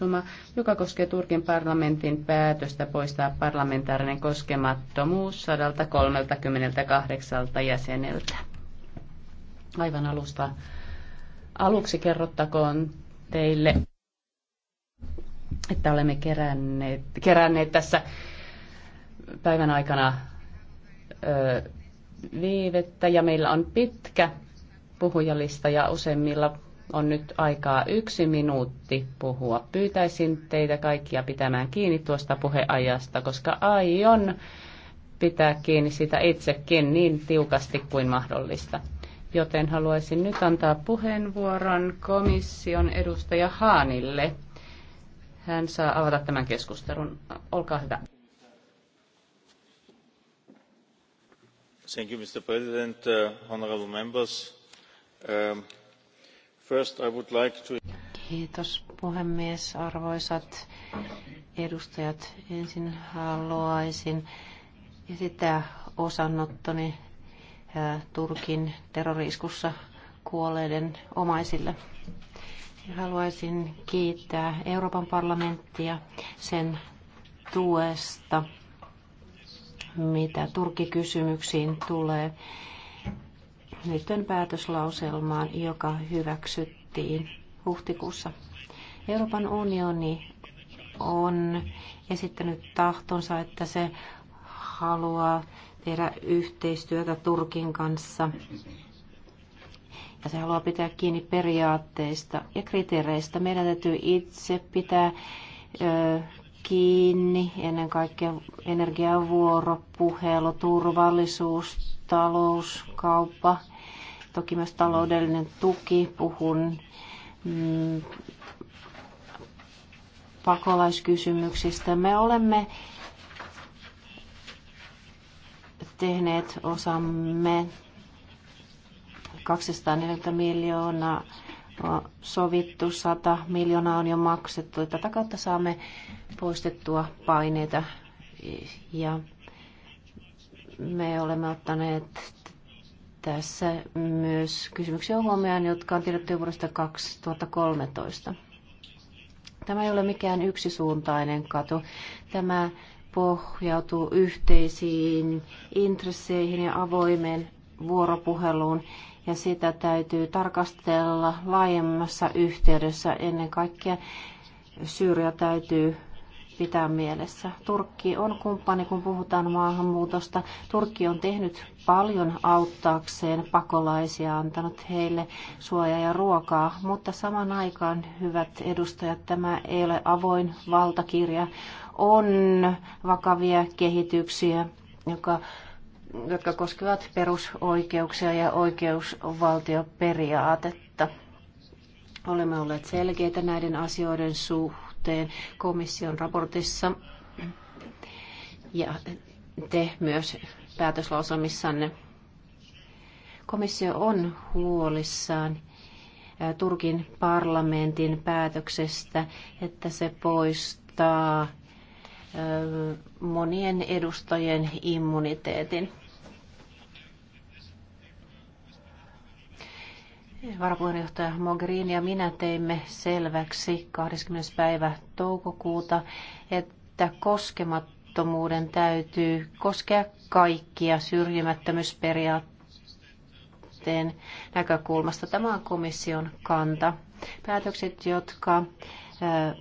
lausuma, joka koskee Turkin parlamentin päätöstä poistaa parlamentaarinen koskemattomuus 138 jäseneltä. Aivan alusta aluksi kerrottakoon teille, että olemme keränneet, keränneet tässä päivän aikana ö, viivettä ja meillä on pitkä puhujalista ja useimmilla on nyt aikaa yksi minuutti puhua. Pyytäisin teitä kaikkia pitämään kiinni tuosta puheajasta, koska aion pitää kiinni sitä itsekin niin tiukasti kuin mahdollista. Joten haluaisin nyt antaa puheenvuoron komission edustaja Haanille. Hän saa avata tämän keskustelun. Olkaa hyvä. Thank you, Mr. President, uh, honorable members. Um, Kiitos puhemies, arvoisat edustajat. Ensin haluaisin esittää osannottoni Turkin terroriskussa kuolleiden omaisille. Haluaisin kiittää Euroopan parlamenttia sen tuesta, mitä Turkki-kysymyksiin tulee nytön päätöslauselmaan, joka hyväksyttiin huhtikuussa. Euroopan unioni on esittänyt tahtonsa, että se haluaa tehdä yhteistyötä Turkin kanssa ja se haluaa pitää kiinni periaatteista ja kriteereistä. Meidän täytyy itse pitää ö, kiinni ennen kaikkea energiavuoropuhelu, turvallisuus, talous, kauppa – toki myös taloudellinen tuki, puhun mm, pakolaiskysymyksistä. Me olemme tehneet osamme 240 miljoonaa sovittu, 100 miljoonaa on jo maksettu. Tätä kautta saamme poistettua paineita ja me olemme ottaneet tässä myös kysymyksiä huomioon, jotka on tiedetty jo vuodesta 2013. Tämä ei ole mikään yksisuuntainen katu. Tämä pohjautuu yhteisiin intresseihin ja avoimeen vuoropuheluun, ja sitä täytyy tarkastella laajemmassa yhteydessä. Ennen kaikkea Syyria täytyy pitää mielessä. Turkki on kumppani, kun puhutaan maahanmuutosta. Turkki on tehnyt paljon auttaakseen pakolaisia, antanut heille suojaa ja ruokaa, mutta saman aikaan, hyvät edustajat, tämä ei ole avoin valtakirja. On vakavia kehityksiä, joka jotka koskevat perusoikeuksia ja oikeusvaltioperiaatetta. Olemme olleet selkeitä näiden asioiden suhteen suhteen komission raportissa ja te myös päätöslausumissanne. Komissio on huolissaan Turkin parlamentin päätöksestä, että se poistaa monien edustajien immuniteetin. Varapuheenjohtaja Mogherini ja minä teimme selväksi 20. päivä toukokuuta, että koskemattomuuden täytyy koskea kaikkia syrjimättömyysperiaatteen näkökulmasta. Tämä on komission kanta. Päätökset, jotka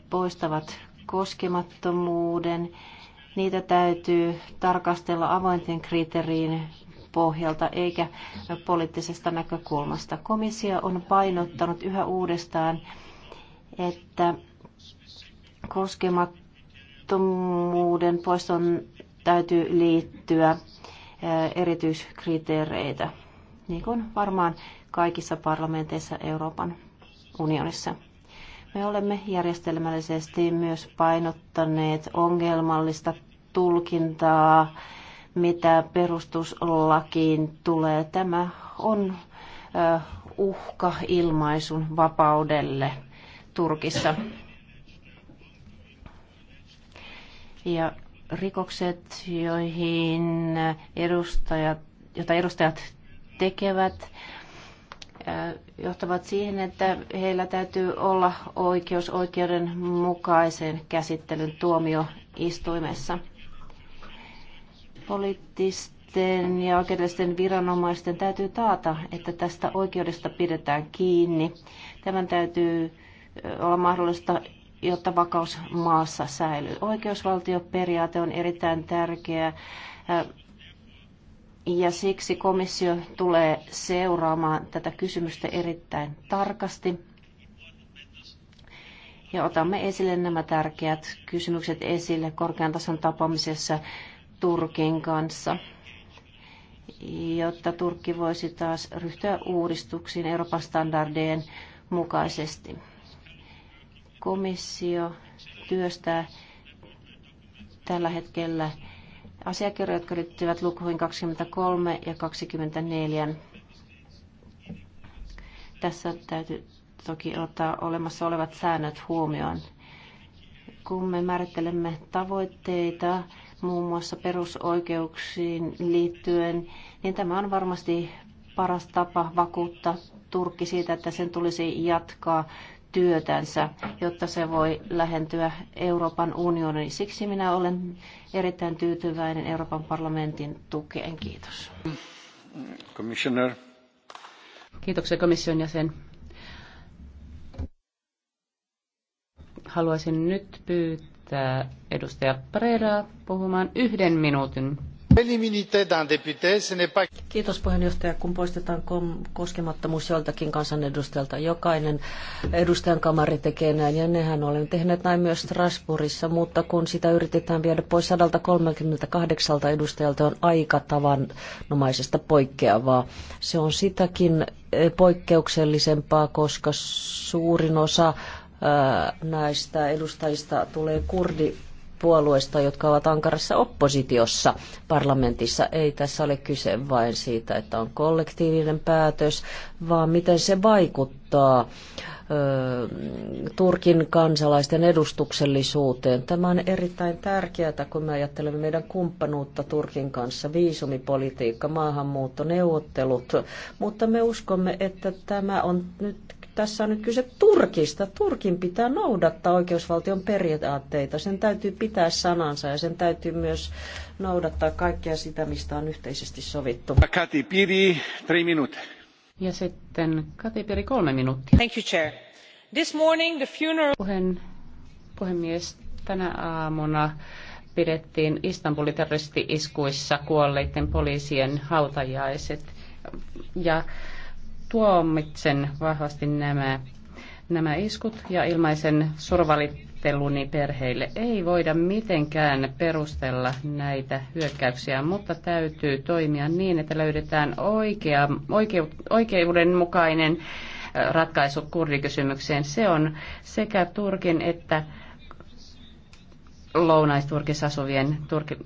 poistavat koskemattomuuden, niitä täytyy tarkastella avointen kriteeriin pohjalta eikä poliittisesta näkökulmasta. Komissio on painottanut yhä uudestaan, että koskemattomuuden poiston täytyy liittyä erityiskriteereitä, niin kuin varmaan kaikissa parlamenteissa Euroopan unionissa. Me olemme järjestelmällisesti myös painottaneet ongelmallista tulkintaa mitä perustuslakiin tulee. Tämä on uhka ilmaisun vapaudelle Turkissa. Ja rikokset, joihin edustajat, jota edustajat tekevät, johtavat siihen, että heillä täytyy olla oikeus oikeudenmukaiseen käsittelyn tuomioistuimessa. Poliittisten ja oikeudellisten viranomaisten täytyy taata, että tästä oikeudesta pidetään kiinni. Tämän täytyy olla mahdollista, jotta vakaus maassa säilyy. Oikeusvaltioperiaate on erittäin tärkeä ja siksi komissio tulee seuraamaan tätä kysymystä erittäin tarkasti. Ja otamme esille nämä tärkeät kysymykset esille korkean tason tapaamisessa Turkin kanssa, jotta Turkki voisi taas ryhtyä uudistuksiin Euroopan standardeen mukaisesti. Komissio työstää tällä hetkellä asiakirjoja, jotka liittyvät lukuihin 23 ja 24. Tässä täytyy toki ottaa olemassa olevat säännöt huomioon. Kun me määrittelemme tavoitteita, muun muassa perusoikeuksiin liittyen, niin tämä on varmasti paras tapa vakuuttaa Turkki siitä, että sen tulisi jatkaa työtänsä, jotta se voi lähentyä Euroopan unioniin. Siksi minä olen erittäin tyytyväinen Euroopan parlamentin tukeen. Kiitos. Commissioner. Kiitoksia komission jäsen. Haluaisin nyt pyytää pyytää edustaja Pereira puhumaan yhden minuutin. Kiitos puheenjohtaja, kun poistetaan koskemattomuus joltakin kansanedustajalta. Jokainen edustajan kamari tekee näin ja nehän olemme tehneet näin myös Strasbourgissa, mutta kun sitä yritetään viedä pois 138 edustajalta on aika tavanomaisesta poikkeavaa. Se on sitäkin eh, poikkeuksellisempaa, koska suurin osa näistä edustajista tulee kurdi puolueista, jotka ovat ankarassa oppositiossa parlamentissa. Ei tässä ole kyse vain siitä, että on kollektiivinen päätös, vaan miten se vaikuttaa Turkin kansalaisten edustuksellisuuteen. Tämä on erittäin tärkeää, kun me ajattelemme meidän kumppanuutta Turkin kanssa, viisumipolitiikka, maahanmuutto, neuvottelut, mutta me uskomme, että tämä on nyt tässä on nyt kyse Turkista. Turkin pitää noudattaa oikeusvaltion periaatteita. Sen täytyy pitää sanansa ja sen täytyy myös noudattaa kaikkea sitä, mistä on yhteisesti sovittu. Kati Piri, kolme minuuttia. Ja sitten Kati Piri, kolme minuuttia. Thank you, Chair. This morning the funeral... Puhen, puhemies, tänä aamuna pidettiin Istanbulin terroristi-iskuissa kuolleiden poliisien hautajaiset. Ja tuomitsen vahvasti nämä, nämä iskut ja ilmaisen survalitteluni perheille. Ei voida mitenkään perustella näitä hyökkäyksiä, mutta täytyy toimia niin, että löydetään oikea, oikeu, oikeudenmukainen äh, ratkaisu kurdikysymykseen. Se on sekä Turkin että Lounais-Turkissa asuvien turki-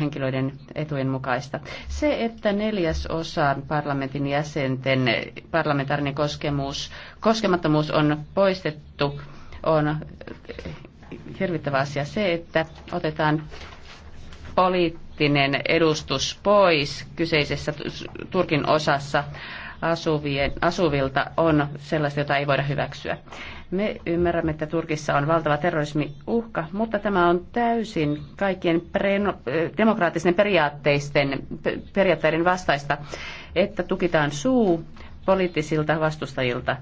henkilöiden etujen mukaista. Se, että neljäs osa parlamentin jäsenten parlamentaarinen koskemus, koskemattomuus on poistettu, on hirvittävä asia. Se, että otetaan poliittinen edustus pois kyseisessä Turkin osassa asuvien, asuvilta, on sellaista, jota ei voida hyväksyä. Me ymmärrämme, että Turkissa on valtava terrorismiuhka, mutta tämä on täysin kaikkien preno, eh, demokraattisten periaatteisten, periaatteiden vastaista, että tukitaan suu poliittisilta vastustajilta.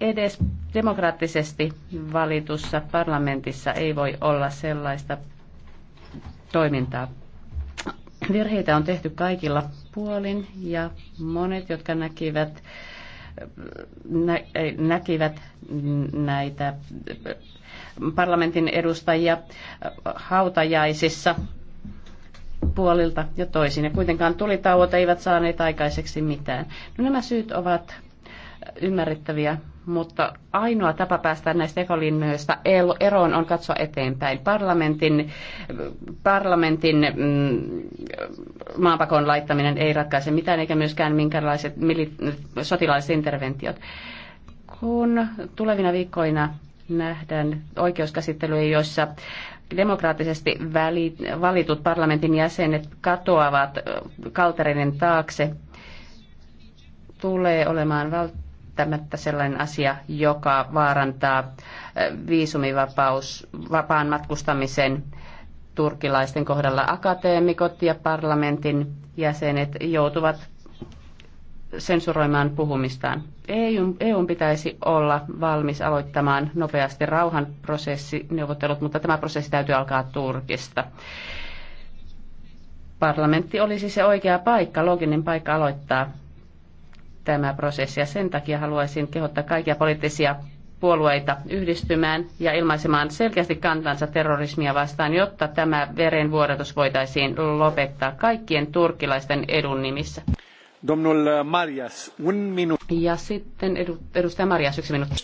Edes demokraattisesti valitussa parlamentissa ei voi olla sellaista toimintaa. Virheitä on tehty kaikilla puolin ja monet, jotka näkivät näkivät näitä parlamentin edustajia hautajaisissa puolilta ja toisin. Ja kuitenkaan tulitauot eivät saaneet aikaiseksi mitään. No, nämä syyt ovat ymmärrettäviä, mutta ainoa tapa päästä näistä ekolinnoista eroon on katsoa eteenpäin. Parlamentin, parlamentin mm, maapakon laittaminen ei ratkaise mitään, eikä myöskään minkälaiset mili- sotilaalliset interventiot. Kun tulevina viikkoina nähdään oikeuskäsittelyjä, joissa demokraattisesti valitut parlamentin jäsenet katoavat kaltereiden taakse, tulee olemaan välttämätöntä välttämättä sellainen asia, joka vaarantaa viisumivapaus, vapaan matkustamisen turkilaisten kohdalla. Akateemikot ja parlamentin jäsenet joutuvat sensuroimaan puhumistaan. EU, EUn pitäisi olla valmis aloittamaan nopeasti rauhanprosessi, neuvottelut, mutta tämä prosessi täytyy alkaa Turkista. Parlamentti olisi se oikea paikka, loginen paikka aloittaa tämä prosessi. Ja sen takia haluaisin kehottaa kaikkia poliittisia puolueita yhdistymään ja ilmaisemaan selkeästi kantansa terrorismia vastaan, jotta tämä verenvuodatus voitaisiin lopettaa kaikkien turkilaisten edun nimissä. Domnul Marias, Ja sitten edu, edustaja Marias, yksi minuutti.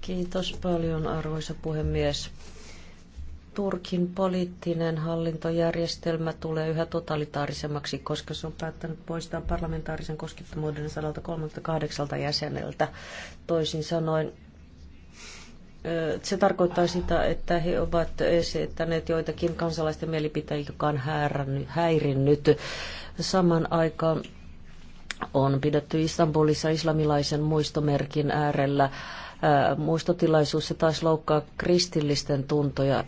Kiitos paljon, arvoisa puhemies. Turkin poliittinen hallintojärjestelmä tulee yhä totalitaarisemmaksi, koska se on päättänyt poistaa parlamentaarisen koskettamuuden 138 jäseneltä. Toisin sanoen, se tarkoittaa sitä, että he ovat esittäneet joitakin kansalaisten mielipiteitä, jotka on häirinnyt. Saman aikaan on pidetty Istanbulissa islamilaisen muistomerkin äärellä muistotilaisuus, se taas loukkaa kristillisten tuntoja.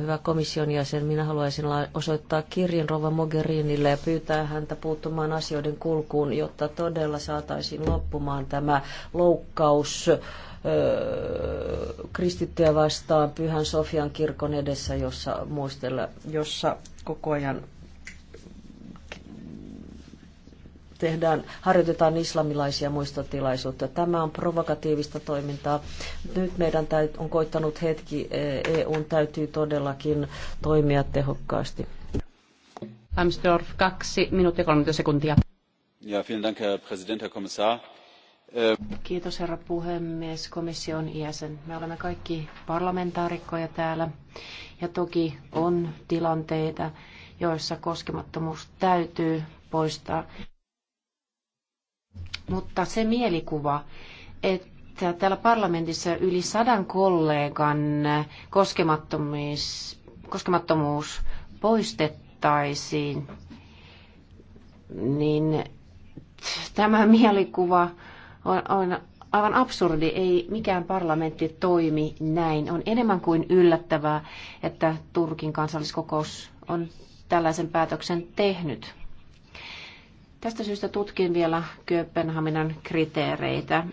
Hyvä komission jäsen, minä haluaisin osoittaa kirjan Rova Mogherinille ja pyytää häntä puuttumaan asioiden kulkuun, jotta todella saataisiin loppumaan tämä loukkaus kristittyä vastaan Pyhän Sofian kirkon edessä, jossa muistella, jossa koko ajan tehdään, harjoitetaan islamilaisia muistotilaisuutta. Tämä on provokatiivista toimintaa. Nyt meidän on koittanut hetki, EUn e täytyy todellakin toimia tehokkaasti. Amstorf, kaksi minuuttia 30 sekuntia. Ja, vielen Dank, Herr Präsident, Herr Kommissar. Äh, Kiitos herra puhemies, komission jäsen. Me olemme kaikki parlamentaarikkoja täällä ja toki on tilanteita, joissa koskemattomuus täytyy poistaa. Mutta se mielikuva, että täällä parlamentissa yli sadan kollegan koskemattomuus, koskemattomuus poistettaisiin, niin tämä mielikuva on, on aivan absurdi. Ei mikään parlamentti toimi näin. On enemmän kuin yllättävää, että Turkin kansalliskokous on tällaisen päätöksen tehnyt. Tästä syystä tutkin vielä Kööpenhaminan kriteereitä.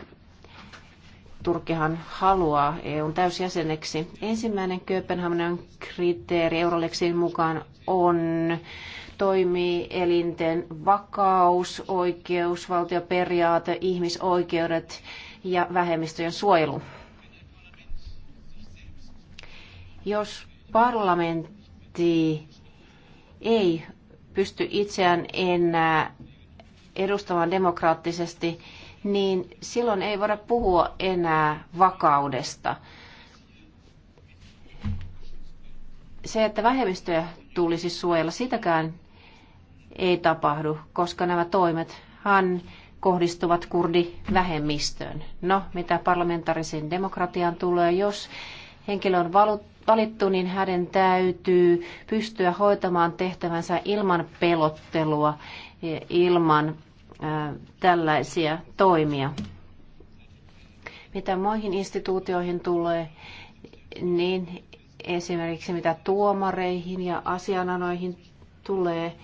Turkihan haluaa EUn täysjäseneksi. Ensimmäinen Kööpenhaminan kriteeri Euroleksin mukaan on elinten vakaus, oikeus, valtioperiaate, ihmisoikeudet ja vähemmistöjen suojelu. Jos parlamentti ei pysty itseään enää edustamaan demokraattisesti, niin silloin ei voida puhua enää vakaudesta. Se, että vähemmistöjä tulisi suojella, sitäkään ei tapahdu, koska nämä toimethan kohdistuvat kurdivähemmistöön. No, mitä parlamentaarisen demokratiaan tulee, jos henkilö on valittu, niin hänen täytyy pystyä hoitamaan tehtävänsä ilman pelottelua, ilman tällaisia toimia. Mitä muihin instituutioihin tulee, niin esimerkiksi mitä tuomareihin ja asiananoihin tulee,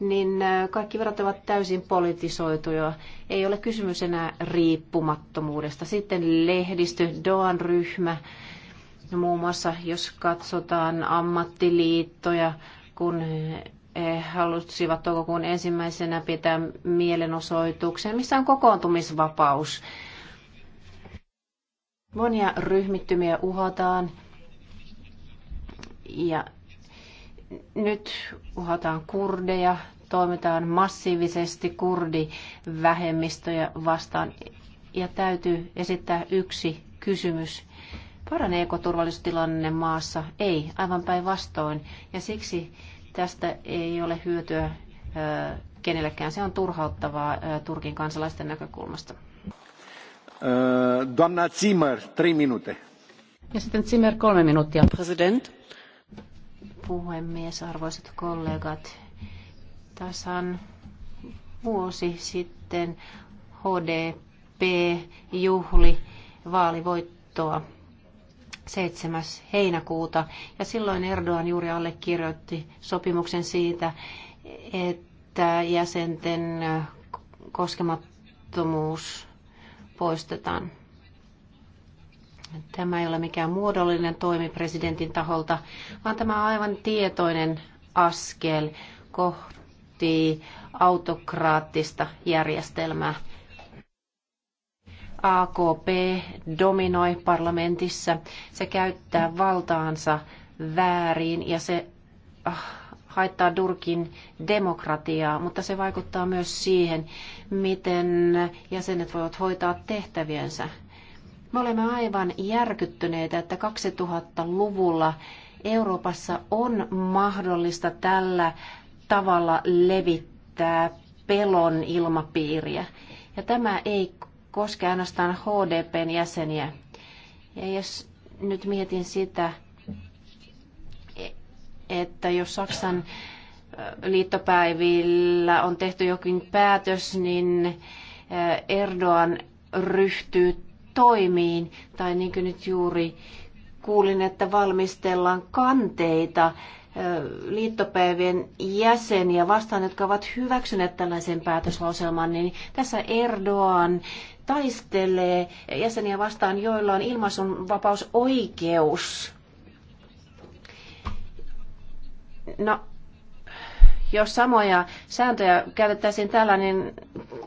niin kaikki verot ovat täysin politisoituja. Ei ole kysymys enää riippumattomuudesta. Sitten lehdistö, Doan ryhmä, Muun muassa jos katsotaan ammattiliittoja, kun he halusivat toukokuun ensimmäisenä pitää mielenosoituksen, missä on kokoontumisvapaus. Monia ryhmittymiä uhataan ja nyt uhataan kurdeja, toimitaan massiivisesti kurdivähemmistöjä vastaan ja täytyy esittää yksi kysymys. Paraneeko turvallisuustilanne maassa? Ei, aivan päinvastoin. Ja siksi tästä ei ole hyötyä kenellekään. Se on turhauttavaa Turkin kansalaisten näkökulmasta. Donna Zimmer, tre minute. Ja sitten Zimmer, kolme minuuttia. President. Puhemies, arvoisat kollegat. Tasan vuosi sitten HDP juhli vaalivoittoa 7. heinäkuuta. Ja silloin Erdogan juuri allekirjoitti sopimuksen siitä, että jäsenten koskemattomuus poistetaan. Tämä ei ole mikään muodollinen toimi presidentin taholta, vaan tämä on aivan tietoinen askel kohti autokraattista järjestelmää. AKP dominoi parlamentissa, se käyttää valtaansa väärin ja se ah, haittaa Durkin demokratiaa, mutta se vaikuttaa myös siihen, miten jäsenet voivat hoitaa tehtäviensä. Me olemme aivan järkyttyneitä, että 2000-luvulla Euroopassa on mahdollista tällä tavalla levittää pelon ilmapiiriä. Ja tämä ei koske ainoastaan HDPn jäseniä. Ja jos nyt mietin sitä, että jos Saksan liittopäivillä on tehty jokin päätös, niin Erdoan ryhtyy toimiin, tai niin kuin nyt juuri kuulin, että valmistellaan kanteita liittopäivien jäseniä vastaan, jotka ovat hyväksyneet tällaisen päätöslauselman, niin tässä Erdogan taistelee jäseniä vastaan, joilla on ilmaisunvapausoikeus. No, jos samoja sääntöjä käytettäisiin täällä, niin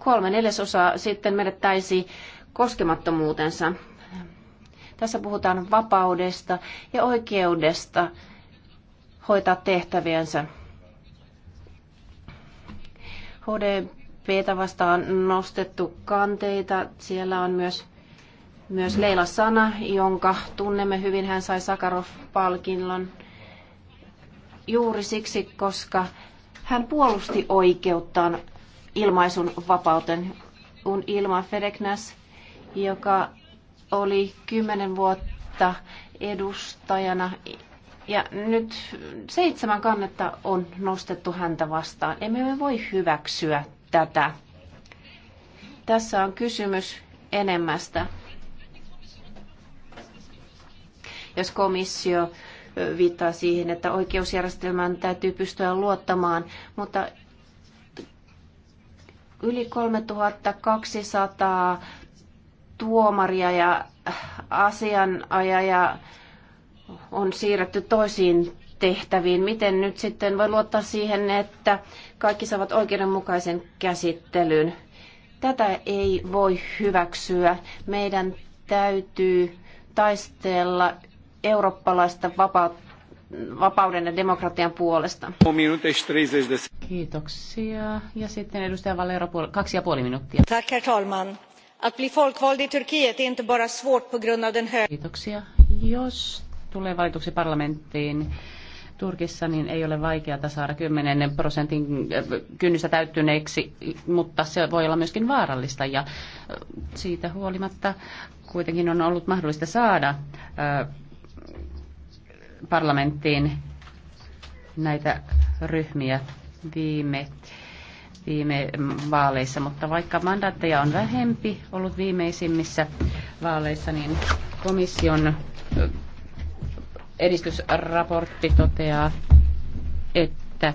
kolme neljäsosaa sitten menettäisi koskemattomuutensa. Tässä puhutaan vapaudesta ja oikeudesta hoitaa tehtäviensä. HD EPtä vastaan nostettu kanteita. Siellä on myös, myös Leila Sana, jonka tunnemme hyvin. Hän sai Sakarov-palkinnon juuri siksi, koska hän puolusti oikeuttaan ilmaisun vapauten. Un Ilma Fedeknäs, joka oli kymmenen vuotta edustajana ja nyt seitsemän kannetta on nostettu häntä vastaan. Emme me voi hyväksyä tätä. Tässä on kysymys enemmästä. Jos komissio viittaa siihen, että oikeusjärjestelmään täytyy pystyä luottamaan, mutta yli 3200 tuomaria ja asianajaja on siirretty toisiin tehtäviin. Miten nyt sitten voi luottaa siihen, että kaikki saavat oikeudenmukaisen käsittelyn? Tätä ei voi hyväksyä. Meidän täytyy taistella eurooppalaista vapautta vapauden ja demokratian puolesta. Kiitoksia. Ja sitten edustaja Valero, kaksi ja puoli minuuttia. Tack, herr talman. Att bli folkvald i Turkiet är inte bara svårt på grund av den höga... Kiitoksia. Jos tulee valituksi parlamenttiin, Turkissa niin ei ole vaikeaa saada 10 prosentin äh, kynnystä täyttyneeksi, mutta se voi olla myöskin vaarallista ja äh, siitä huolimatta kuitenkin on ollut mahdollista saada äh, parlamenttiin näitä ryhmiä viime, viime vaaleissa, mutta vaikka mandaatteja on vähempi ollut viimeisimmissä vaaleissa, niin komission edistysraportti toteaa, että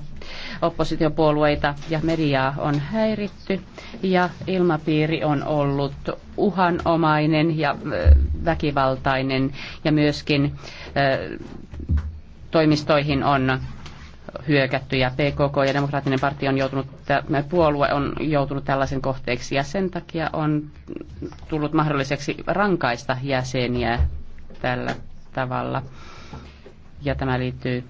oppositiopuolueita ja mediaa on häiritty ja ilmapiiri on ollut uhanomainen ja väkivaltainen ja myöskin toimistoihin on hyökätty ja PKK ja demokraattinen partio on joutunut, puolue on joutunut tällaisen kohteeksi ja sen takia on tullut mahdolliseksi rankaista jäseniä tällä tavalla ja tämä liittyy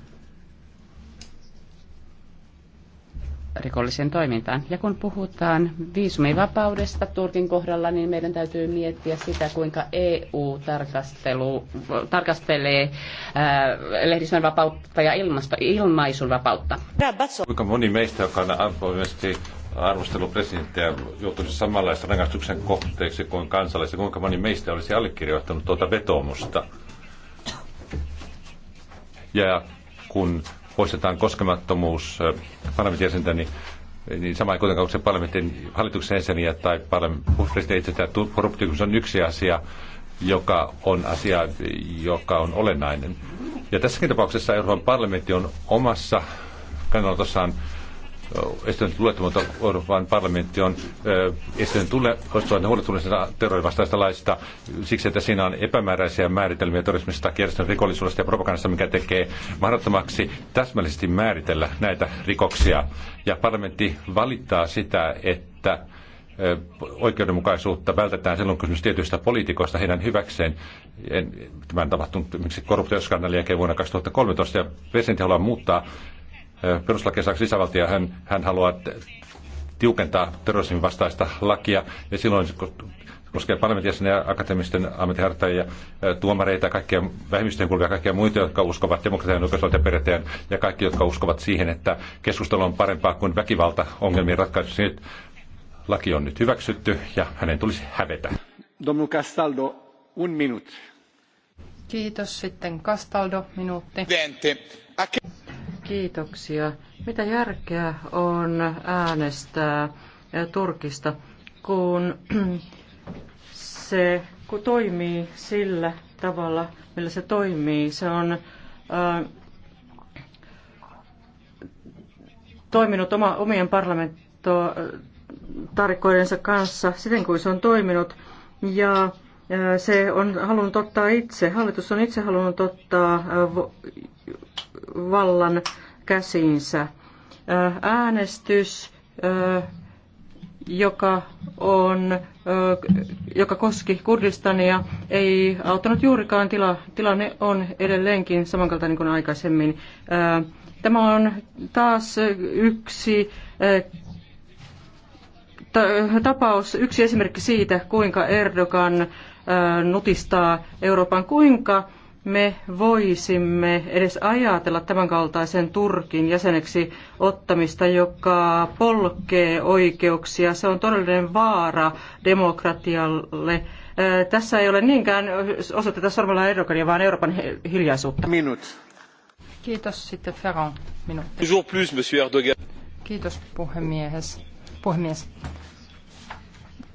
rikolliseen toimintaan. Ja kun puhutaan viisumivapaudesta Turkin kohdalla, niin meidän täytyy miettiä sitä, kuinka EU tarkastelu, tarkastelee äh, lehdistön vapautta ja ilmasto, ilmaisun vapautta. Kuinka moni meistä, joka on avoimesti arvostellut presidenttiä, joutuisi samanlaista rangaistuksen kohteeksi kuin kansalaisen, kuinka moni meistä olisi allekirjoittanut tuota vetoomusta? ja kun poistetaan koskemattomuus äh, parlamentin jäsentä, niin niin sama ei kuitenkaan se parlamentin hallituksen jäseniä tai presidentin itse korruptio on yksi asia, joka on asia, joka on olennainen. Ja tässäkin tapauksessa Euroopan parlamentti on omassa kannanotossaan Estonian luettomuutta Euroopan parlamentti on estänyt huolestuneista terrorivastaista laista siksi, että siinä on epämääräisiä määritelmiä terrorismista, kierrosten rikollisuudesta ja propagandasta, mikä tekee mahdottomaksi täsmällisesti määritellä näitä rikoksia. Ja parlamentti valittaa sitä, että oikeudenmukaisuutta vältetään silloin kysymys tietyistä poliitikoista heidän hyväkseen. En, tämä on tapahtunut esimerkiksi korruptioskandaalin jälkeen vuonna 2013 ja presidentti haluaa muuttaa perustuslakisaksi lisävaltia. Hän, hän haluaa tiukentaa terrorismin vastaista lakia ja silloin koskee parlamentin ja akateemisten ammattiharjoittajia, tuomareita, kaikkia vähemmistöjen kuuluvia, kaikkia muita, jotka uskovat demokratian oikeusvaltioperiaatteen ja kaikki, jotka uskovat siihen, että keskustelu on parempaa kuin väkivalta ongelmien ratkaisussa. Nyt laki on nyt hyväksytty ja hänen tulisi hävetä. Domnul Castaldo, un minut. Kiitos. Sitten Castaldo, minuutti. Kiitoksia. Mitä järkeä on äänestää Turkista, kun se kun toimii sillä tavalla, millä se toimii? Se on ää, toiminut oma, omien parlamenttotarikkoidensa kanssa siten kuin se on toiminut. Ja se on halunnut ottaa itse, hallitus on itse halunnut ottaa vallan käsiinsä. Äänestys, joka, on, joka koski Kurdistania, ei auttanut juurikaan. Tila, tilanne on edelleenkin samankaltainen kuin aikaisemmin. Tämä on taas yksi tapaus, yksi esimerkki siitä, kuinka Erdogan nutistaa Euroopan, kuinka me voisimme edes ajatella tämän kaltaisen Turkin jäseneksi ottamista, joka polkee oikeuksia. Se on todellinen vaara demokratialle. Äh, tässä ei ole niinkään osoiteta sormella Erdogania, vaan Euroopan hiljaisuutta. Minut. Kiitos sitten Ferran. Minuutti. Kiitos puhemies. puhemies.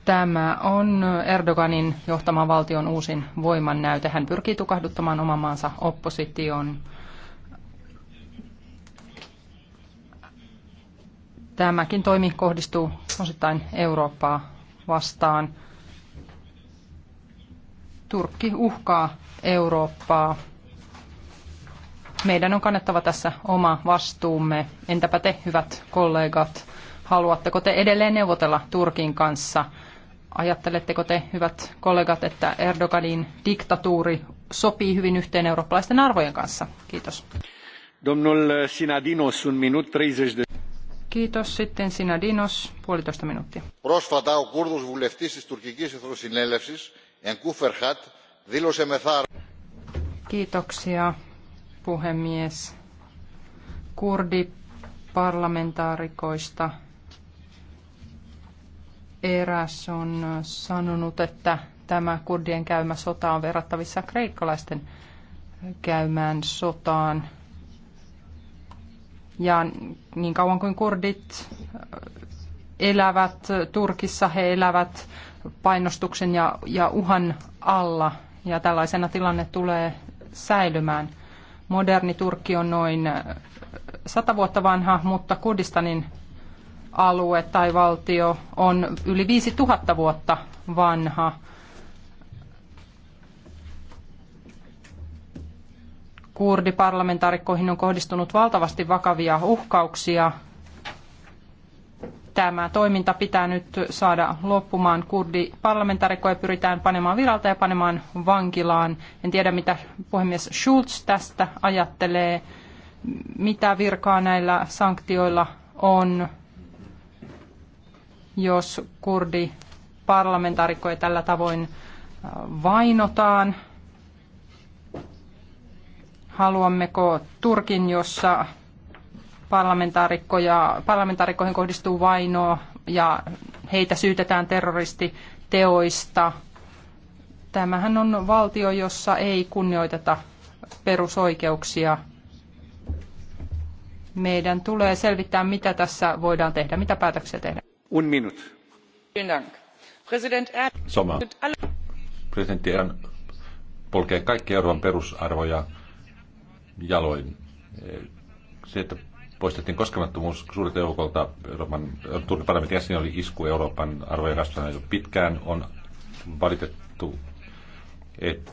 Tämä on Erdoganin johtaman valtion uusin voimannäyte. Hän pyrkii tukahduttamaan oman maansa opposition. Tämäkin toimi kohdistuu osittain Eurooppaa vastaan. Turkki uhkaa Eurooppaa. Meidän on kannettava tässä oma vastuumme. Entäpä te, hyvät kollegat, haluatteko te edelleen neuvotella Turkin kanssa? Ajatteletteko te, hyvät kollegat, että Erdoganin diktatuuri sopii hyvin yhteen eurooppalaisten arvojen kanssa? Kiitos. Domnul Sinadinos, un minut 30 de... Kiitos. Sitten Sinadinos, puolitoista minuuttia. Πρόσφατα ο Κούρδος βουλευτής της τουρκικής εθνοσυνέλευσης, en Φερχάτ, δήλωσε με Kiitoksia, puhemies. Kurdiparlamentaarikoista eräs on sanonut, että tämä kurdien käymä sota on verrattavissa kreikkalaisten käymään sotaan. Ja niin kauan kuin kurdit äh, elävät Turkissa, he elävät painostuksen ja, ja uhan alla. Ja tällaisena tilanne tulee säilymään. Moderni Turkki on noin äh, sata vuotta vanha, mutta Kurdistanin alue tai valtio on yli 5000 vuotta vanha. Kurdiparlamentaarikkoihin on kohdistunut valtavasti vakavia uhkauksia. Tämä toiminta pitää nyt saada loppumaan. Kurdiparlamentaarikkoja pyritään panemaan viralta ja panemaan vankilaan. En tiedä, mitä puhemies Schulz tästä ajattelee, mitä virkaa näillä sanktioilla on jos kurdi parlamentaarikkoja tällä tavoin vainotaan? Haluammeko Turkin, jossa parlamentaarikkoja, parlamentaarikkoihin kohdistuu vainoa ja heitä syytetään terroristiteoista? Tämähän on valtio, jossa ei kunnioiteta perusoikeuksia. Meidän tulee selvittää, mitä tässä voidaan tehdä, mitä päätöksiä tehdään. President Erdogan, Presidentti Erdogan polkee kaikki Euroopan perusarvoja jaloin. Se, että poistettiin koskemattomuus suurilta joukolta Euroopan, Turkin parlamentin jäseniä oli isku Euroopan arvojen vastaan jo pitkään, on valitettu, että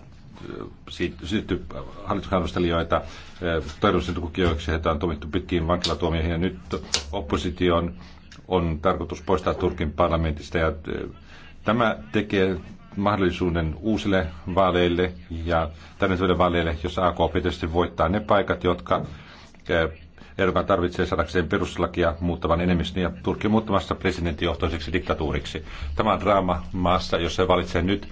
syntyy hallituskannustelijoita, eh, terrorismin tukijoiksi, heitä on tuomittu pitkiin vankilatuomioihin ja nyt opposition on tarkoitus poistaa Turkin parlamentista. Ja tämä tekee mahdollisuuden uusille vaaleille ja täydentäville vaaleille, jossa AKP tietysti voittaa ne paikat, jotka Erdogan tarvitsee saadakseen peruslakia muuttavan enemmistön ja Turkki muuttamassa presidenttijohtoiseksi diktatuuriksi. Tämä on draama maassa, jossa valitsee nyt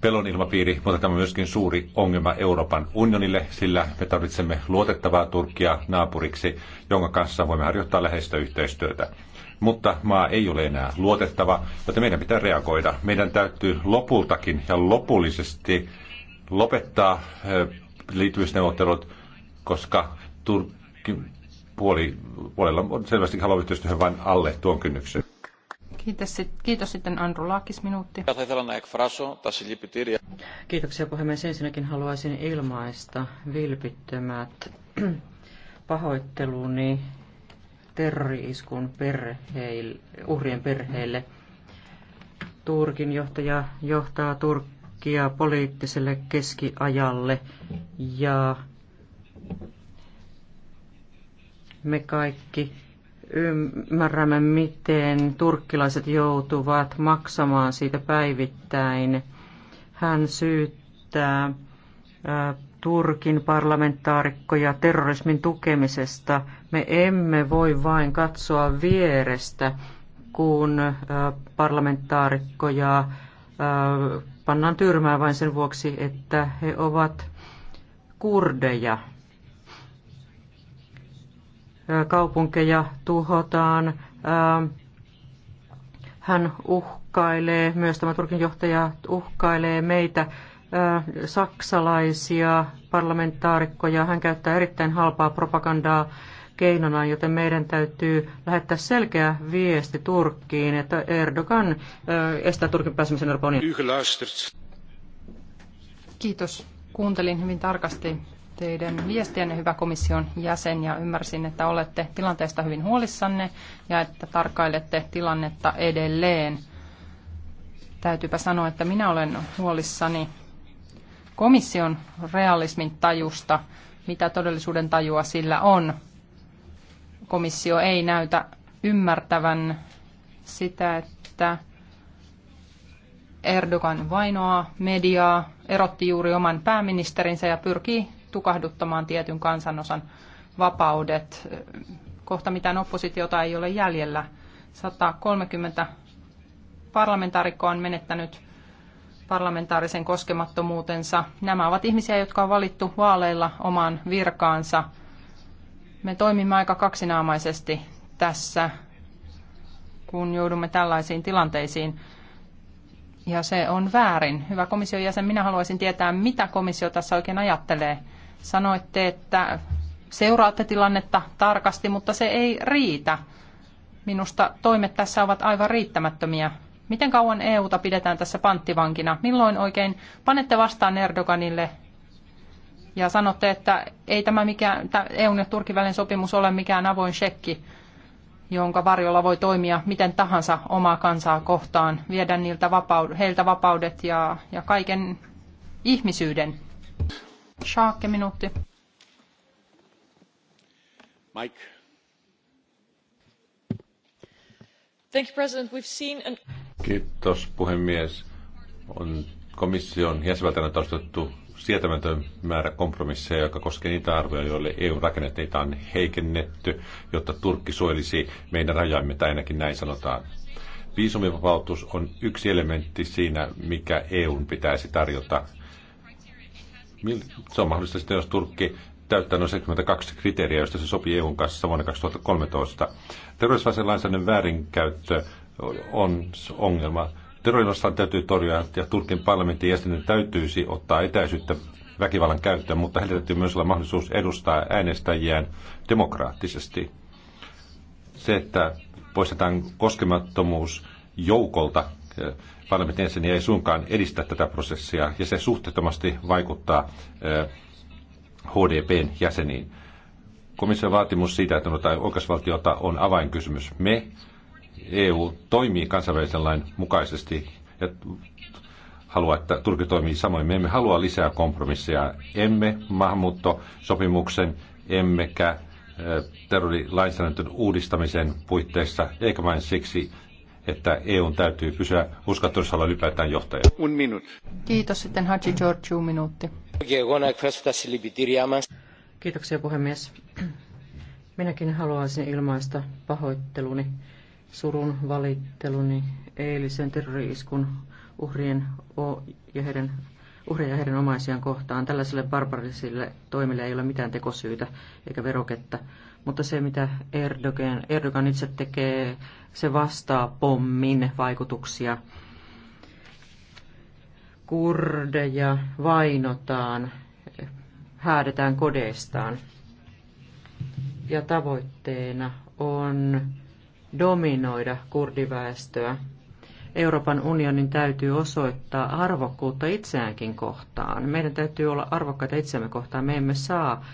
pelon ilmapiiri, mutta tämä on myöskin suuri ongelma Euroopan unionille, sillä me tarvitsemme luotettavaa Turkkia naapuriksi, jonka kanssa voimme harjoittaa läheistä yhteistyötä mutta maa ei ole enää luotettava, joten meidän pitää reagoida. Meidän täytyy lopultakin ja lopullisesti lopettaa liittymisneuvottelut, koska Turkin puoli, puolella on selvästi haluaa vain alle tuon kynnyksen. Kiitos, kiitos sitten Andru Laakis, minuutti. Kiitoksia puhemies. Ensinnäkin haluaisin ilmaista vilpittömät pahoitteluni terrori-iskun perheille, uhrien perheille. Turkin johtaja johtaa Turkkia poliittiselle keskiajalle ja me kaikki ymmärrämme, miten turkkilaiset joutuvat maksamaan siitä päivittäin. Hän syyttää Turkin parlamentaarikkoja terrorismin tukemisesta. Me emme voi vain katsoa vierestä, kun parlamentaarikkoja pannaan tyrmään vain sen vuoksi, että he ovat kurdeja. Kaupunkeja tuhotaan. Hän uhkailee, myös tämä Turkin johtaja uhkailee meitä saksalaisia parlamentaarikkoja. Hän käyttää erittäin halpaa propagandaa keinonaan, joten meidän täytyy lähettää selkeä viesti Turkkiin, että Erdogan estää Turkin pääsemisen Euroopan Kiitos. Kuuntelin hyvin tarkasti teidän viestiänne, hyvä komission jäsen, ja ymmärsin, että olette tilanteesta hyvin huolissanne ja että tarkkailette tilannetta edelleen. Täytyypä sanoa, että minä olen huolissani komission realismin tajusta, mitä todellisuuden tajua sillä on. Komissio ei näytä ymmärtävän sitä, että Erdogan vainoaa mediaa, erotti juuri oman pääministerinsä ja pyrkii tukahduttamaan tietyn kansanosan vapaudet. Kohta mitään oppositiota ei ole jäljellä. 130 parlamentaarikkoa on menettänyt parlamentaarisen koskemattomuutensa. Nämä ovat ihmisiä, jotka on valittu vaaleilla omaan virkaansa. Me toimimme aika kaksinaamaisesti tässä, kun joudumme tällaisiin tilanteisiin. Ja se on väärin. Hyvä komission jäsen, minä haluaisin tietää, mitä komissio tässä oikein ajattelee. Sanoitte, että seuraatte tilannetta tarkasti, mutta se ei riitä. Minusta toimet tässä ovat aivan riittämättömiä. Miten kauan EUta pidetään tässä panttivankina? Milloin oikein panette vastaan Erdoganille ja sanotte, että ei tämä mikään, EUn ja Turkin välinen sopimus ole mikään avoin shekki, jonka varjolla voi toimia miten tahansa omaa kansaa kohtaan, viedä niiltä vapaud- heiltä vapaudet ja, ja kaiken ihmisyyden. Shaakke minuutti. Mike. Thank you, President. We've seen an... Kiitos puhemies. On komission jäsenvaltiona taustettu sietämätön määrä kompromisseja, joka koskee niitä arvoja, joille EU rakenneteita on heikennetty, jotta Turkki suojelisi meidän rajamme, tai ainakin näin sanotaan. Viisumivapautus on yksi elementti siinä, mikä EUn pitäisi tarjota. Se on mahdollista sitten, jos Turkki täyttää noin 72 kriteeriä, joista se sopii EUn kanssa vuonna 2013. Terveysvasen lainsäädännön väärinkäyttö on ongelma. Terroristaan täytyy torjua ja Turkin parlamentin jäsenen täytyisi ottaa etäisyyttä väkivallan käyttöön, mutta heillä täytyy myös olla mahdollisuus edustaa äänestäjiään demokraattisesti. Se, että poistetaan koskemattomuus joukolta eh, parlamentin jäseniä ei suinkaan edistä tätä prosessia ja se suhteettomasti vaikuttaa HDPn eh, jäseniin. Komission vaatimus siitä, että oikeusvaltiota on avainkysymys. Me EU toimii kansainvälisen lain mukaisesti ja haluaa, että Turkki toimii samoin. Me emme halua lisää kompromisseja, emme maahanmuuttosopimuksen, emmekä terrorilainsäädäntön uudistamisen puitteissa, eikä vain siksi, että EU täytyy pysyä uskottavissa olla ylipäätään johtaja. Kiitos sitten Haji Georgiou minuutti. Kiitoksia puhemies. Minäkin haluaisin ilmaista pahoitteluni surun valitteluni eilisen terroriiskun uhrien ja heidän uhreja ja heidän omaisiaan kohtaan. Tällaisille barbarisille toimille ei ole mitään tekosyytä eikä veroketta. Mutta se, mitä Erdogan, Erdogan itse tekee, se vastaa pommin vaikutuksia. Kurdeja vainotaan, häädetään kodeistaan. Ja tavoitteena on dominoida kurdiväestöä. Euroopan unionin täytyy osoittaa arvokkuutta itseäänkin kohtaan. Meidän täytyy olla arvokkaita itseämme kohtaan. Me emme saa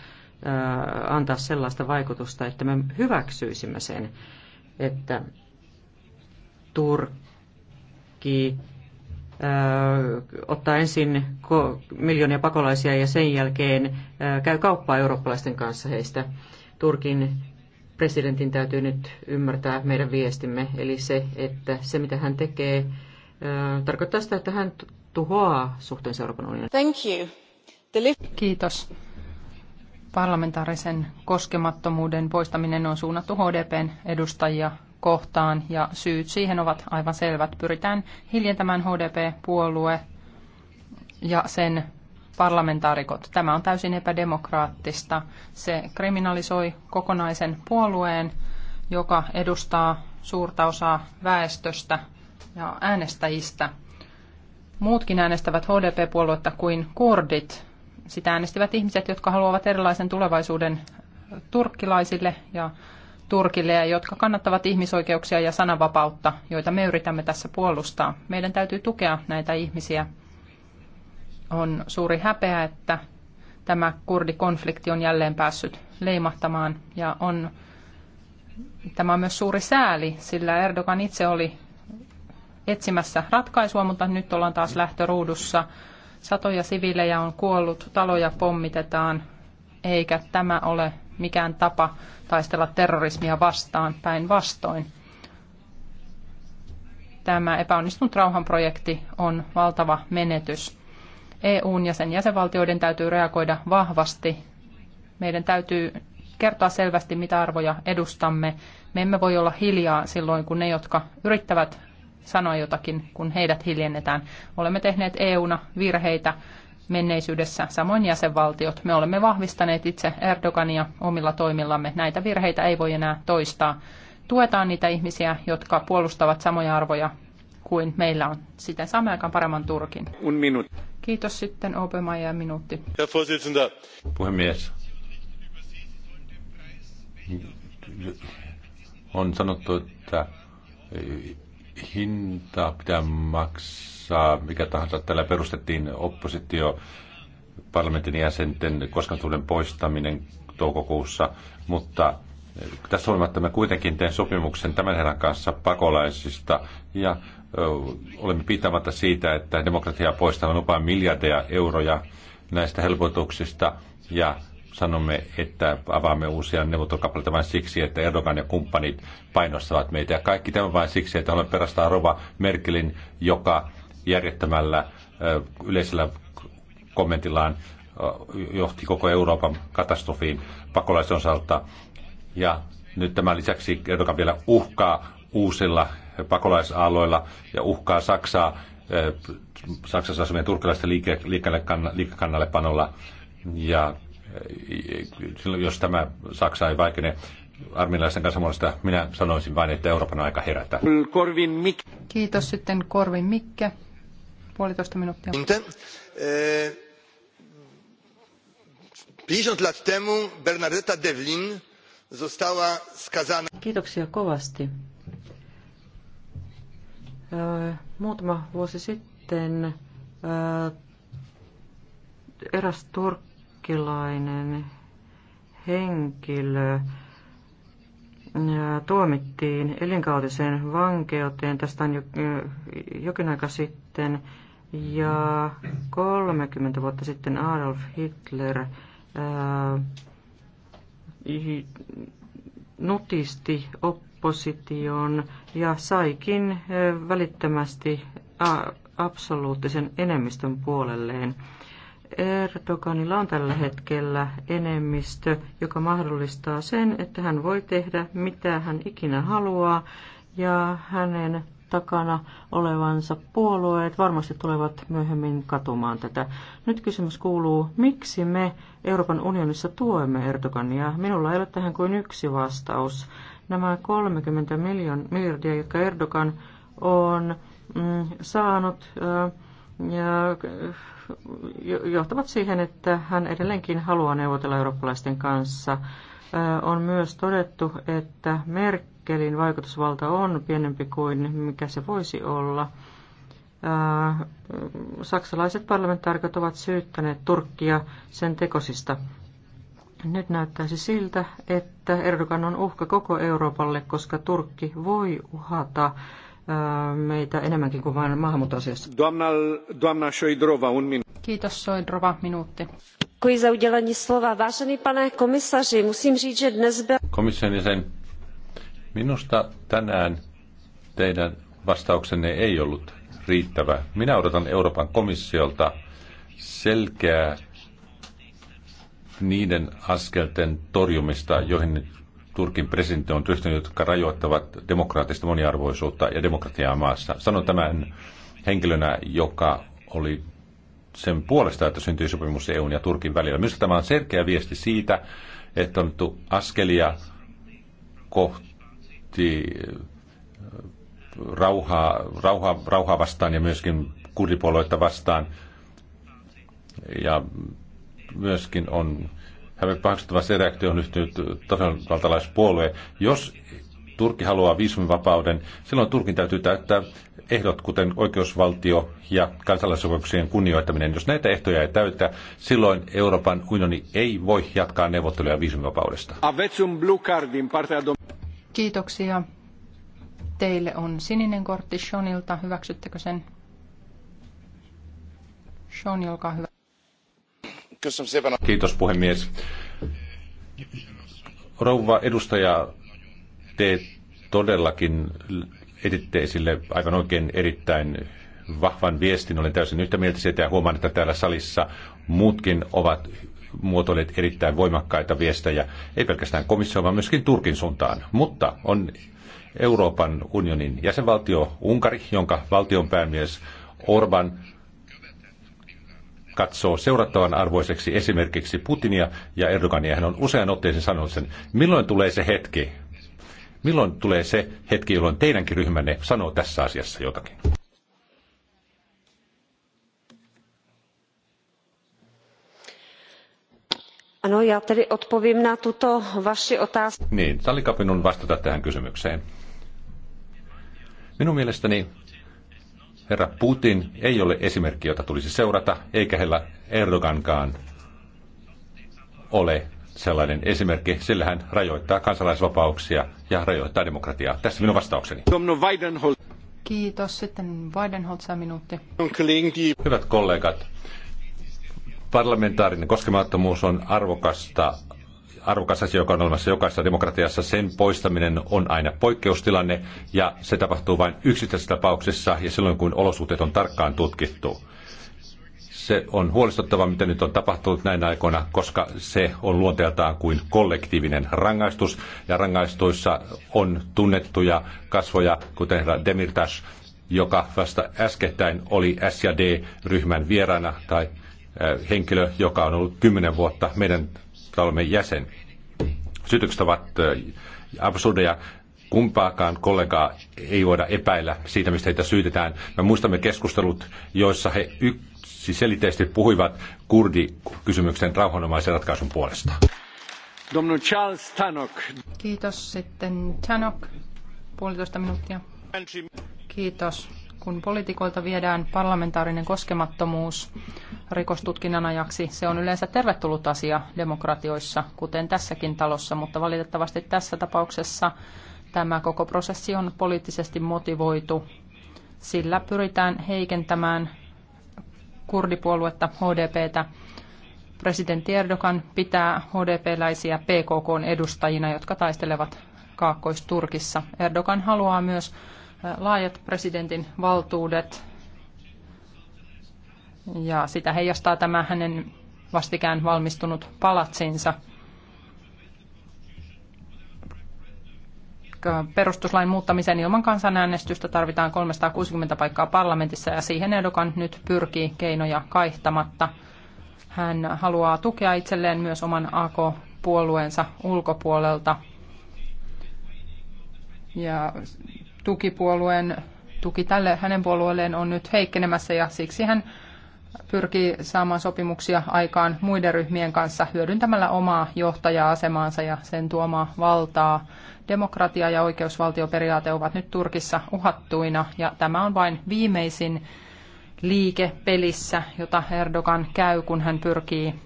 antaa sellaista vaikutusta, että me hyväksyisimme sen, että Turkki ottaa ensin miljoonia pakolaisia ja sen jälkeen käy kauppaa eurooppalaisten kanssa heistä. Turkin presidentin täytyy nyt ymmärtää meidän viestimme, eli se, että se mitä hän tekee, tarkoittaa sitä, että hän tuhoaa suhteensa Euroopan unionin. Thank you. Kiitos. Parlamentaarisen koskemattomuuden poistaminen on suunnattu HDPn edustajia kohtaan ja syyt siihen ovat aivan selvät. Pyritään hiljentämään HDP-puolue ja sen parlamentaarikot. Tämä on täysin epädemokraattista. Se kriminalisoi kokonaisen puolueen, joka edustaa suurta osaa väestöstä ja äänestäjistä. Muutkin äänestävät HDP-puoluetta kuin kurdit. Sitä äänestivät ihmiset, jotka haluavat erilaisen tulevaisuuden turkkilaisille ja Turkille ja jotka kannattavat ihmisoikeuksia ja sananvapautta, joita me yritämme tässä puolustaa. Meidän täytyy tukea näitä ihmisiä on suuri häpeä, että tämä kurdikonflikti on jälleen päässyt leimahtamaan ja on, tämä on myös suuri sääli, sillä Erdogan itse oli etsimässä ratkaisua, mutta nyt ollaan taas lähtöruudussa. Satoja siviilejä on kuollut, taloja pommitetaan, eikä tämä ole mikään tapa taistella terrorismia vastaan päinvastoin. Tämä epäonnistunut rauhanprojekti on valtava menetys EUn ja sen jäsenvaltioiden täytyy reagoida vahvasti. Meidän täytyy kertoa selvästi, mitä arvoja edustamme. Me emme voi olla hiljaa silloin, kun ne, jotka yrittävät sanoa jotakin, kun heidät hiljennetään. Olemme tehneet EUna virheitä menneisyydessä, samoin jäsenvaltiot. Me olemme vahvistaneet itse Erdogania omilla toimillamme. Näitä virheitä ei voi enää toistaa. Tuetaan niitä ihmisiä, jotka puolustavat samoja arvoja kuin meillä on. Sitä saamme aikaan paremman Turkin. Un minut. Kiitos sitten ja minuutti. Puhemies. On sanottu, että hinta pitää maksaa mikä tahansa. Täällä perustettiin oppositio parlamentin jäsenten koskemattomuuden poistaminen toukokuussa, mutta tässä huolimatta me kuitenkin teen sopimuksen tämän herran kanssa pakolaisista ja olemme pitämättä siitä, että demokratia poistaa lupaa miljardeja euroja näistä helpotuksista ja sanomme, että avaamme uusia neuvottelukappaleita vain siksi, että Erdogan ja kumppanit painostavat meitä. Ja kaikki tämä vain siksi, että olemme perästä Rova Merkelin, joka järjettämällä yleisellä kommentillaan johti koko Euroopan katastrofiin pakolaisen osalta. Ja nyt tämän lisäksi Erdogan vielä uhkaa uusilla pakolaisaalloilla ja uhkaa Saksaa eh, Saksassa asuvien turkkilaisten liike, liikekannalle panolla. Ja eh, jos tämä Saksa ei vaikene armeilaisten kanssa minä sanoisin vain, että Euroopan on aika herätä. Korvin Mik. Kiitos sitten Korvin Mikke. Puolitoista minuuttia. Inte. 50 eh, lat temu Bernadetta Devlin została skazana. Kiitoksia kovasti. Muutama vuosi sitten eräs turkkilainen henkilö tuomittiin elinkautiseen vankeuteen. Tästä on jokin aika sitten. Ja 30 vuotta sitten Adolf Hitler nutisti opposition ja saikin eh, välittömästi absoluuttisen enemmistön puolelleen. Erdoganilla on tällä hetkellä enemmistö, joka mahdollistaa sen, että hän voi tehdä mitä hän ikinä haluaa ja hänen takana olevansa puolueet varmasti tulevat myöhemmin katumaan tätä. Nyt kysymys kuuluu, miksi me Euroopan unionissa tuemme Erdogania? Minulla ei ole tähän kuin yksi vastaus. Nämä 30 miljoon, miljardia, jotka Erdogan on mm, saanut, ö, ja, johtavat siihen, että hän edelleenkin haluaa neuvotella eurooppalaisten kanssa. Ö, on myös todettu, että Merkki Merkelin vaikutusvalta on pienempi kuin mikä se voisi olla. Äh, saksalaiset parlamentaarikot ovat syyttäneet Turkkia sen tekosista. Nyt näyttäisi siltä, että Erdogan on uhka koko Euroopalle, koska Turkki voi uhata äh, meitä enemmänkin kuin vain maahanmuuttoasiassa. minuutti. Kiitos Soidrova, minuutti. slova. musím říct, že dnes byl... Komisaari sen Minusta tänään teidän vastauksenne ei ollut riittävä. Minä odotan Euroopan komissiolta selkeää niiden askelten torjumista, joihin Turkin presidentti on ryhtynyt, jotka rajoittavat demokraattista moniarvoisuutta ja demokratiaa maassa. Sanon tämän henkilönä, joka oli sen puolesta, että syntyi sopimus EUn ja Turkin välillä. Minusta tämä on selkeä viesti siitä, että on tu askelia kohti puolusti rauhaa, rauhaa, rauhaa vastaan ja myöskin kurdipuolueita vastaan. Ja myöskin on hänen pahastuttava se reaktio on yhtynyt tasavaltalaispuolueen. Jos Turkki haluaa viisumivapauden, silloin Turkin täytyy täyttää ehdot, kuten oikeusvaltio ja kansalaisoikeuksien kunnioittaminen. Jos näitä ehtoja ei täytä, silloin Euroopan unioni ei voi jatkaa neuvotteluja viisumivapaudesta. Kiitoksia. Teille on sininen kortti Seanilta. Hyväksyttekö sen? Sean, olkaa hyvä. Kiitos puhemies. Rouva edustaja, te todellakin editte esille aivan oikein erittäin vahvan viestin. Olen täysin yhtä mieltä siitä ja huomaan, että täällä salissa muutkin ovat muotoilleet erittäin voimakkaita viestejä, ei pelkästään komissio, vaan myöskin Turkin suuntaan. Mutta on Euroopan unionin jäsenvaltio Unkari, jonka valtionpäämies Orban katsoo seurattavan arvoiseksi esimerkiksi Putinia ja Erdogania. Hän on usean otteeseen sanonut sen, milloin tulee se hetki, milloin tulee se hetki, jolloin teidänkin ryhmänne sanoo tässä asiassa jotakin. Ano, ja tedy odpovím na tuto vaši otázku. Niin, sallikaa minun vastata tähän kysymykseen. Minun mielestäni herra Putin ei ole esimerkki, jota tulisi seurata, eikä heillä Erdogankaan ole sellainen esimerkki, sillä hän rajoittaa kansalaisvapauksia ja rajoittaa demokratiaa. Tässä minun vastaukseni. Kiitos. Sitten Weidenholzer minuutti. Hyvät kollegat, Parlamentaarinen koskemattomuus on arvokasta arvokas asia, joka on olemassa jokaisessa demokratiassa, sen poistaminen on aina poikkeustilanne ja se tapahtuu vain yksittäisissä tapauksissa ja silloin, kun olosuhteet on tarkkaan tutkittu. Se on huolestuttavaa, mitä nyt on tapahtunut näinä aikoina, koska se on luonteeltaan kuin kollektiivinen rangaistus ja rangaistuissa on tunnettuja kasvoja, kuten herra Demirtas, joka vasta äskettäin oli S&D-ryhmän vieraana tai Äh, henkilö, joka on ollut kymmenen vuotta meidän talomme jäsen. Sytykset ovat äh, absurdeja. Kumpaakaan kollegaa ei voida epäillä siitä, mistä heitä syytetään. Me muistamme keskustelut, joissa he yksiselitteisesti puhuivat kurdikysymyksen rauhanomaisen ratkaisun puolesta. Domnul Charles Tanok. Kiitos sitten Tanok. Puolitoista minuuttia. Kiitos. Kun poliitikoilta viedään parlamentaarinen koskemattomuus, rikostutkinnan ajaksi. Se on yleensä tervetullut asia demokratioissa, kuten tässäkin talossa, mutta valitettavasti tässä tapauksessa tämä koko prosessi on poliittisesti motivoitu. Sillä pyritään heikentämään kurdipuoluetta HDPtä. Presidentti Erdogan pitää HDP-läisiä PKKn edustajina, jotka taistelevat Kaakkois-Turkissa. Erdogan haluaa myös laajat presidentin valtuudet ja sitä heijastaa tämä hänen vastikään valmistunut palatsinsa. Perustuslain muuttamisen ilman kansanäänestystä tarvitaan 360 paikkaa parlamentissa ja siihen Erdogan nyt pyrkii keinoja kaihtamatta. Hän haluaa tukea itselleen myös oman AK-puolueensa ulkopuolelta. Ja tukipuolueen, tuki tälle hänen puolueelleen on nyt heikkenemässä ja siksi hän pyrkii saamaan sopimuksia aikaan muiden ryhmien kanssa hyödyntämällä omaa johtaja-asemaansa ja sen tuomaa valtaa. Demokratia ja oikeusvaltioperiaate ovat nyt Turkissa uhattuina ja tämä on vain viimeisin liike pelissä, jota Erdogan käy, kun hän pyrkii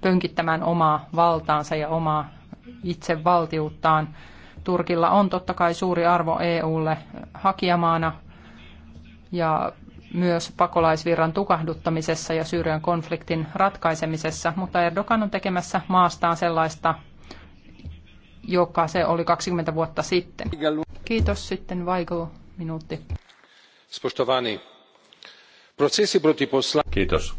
pönkittämään omaa valtaansa ja omaa itsevaltiuttaan. Turkilla on totta kai suuri arvo EUlle hakijamaana ja myös pakolaisvirran tukahduttamisessa ja Syyrian konfliktin ratkaisemisessa, mutta Erdogan on tekemässä maastaan sellaista, joka se oli 20 vuotta sitten. Kiitos sitten Vaiko minuutti. Spostovani, prosessi proti Kiitos.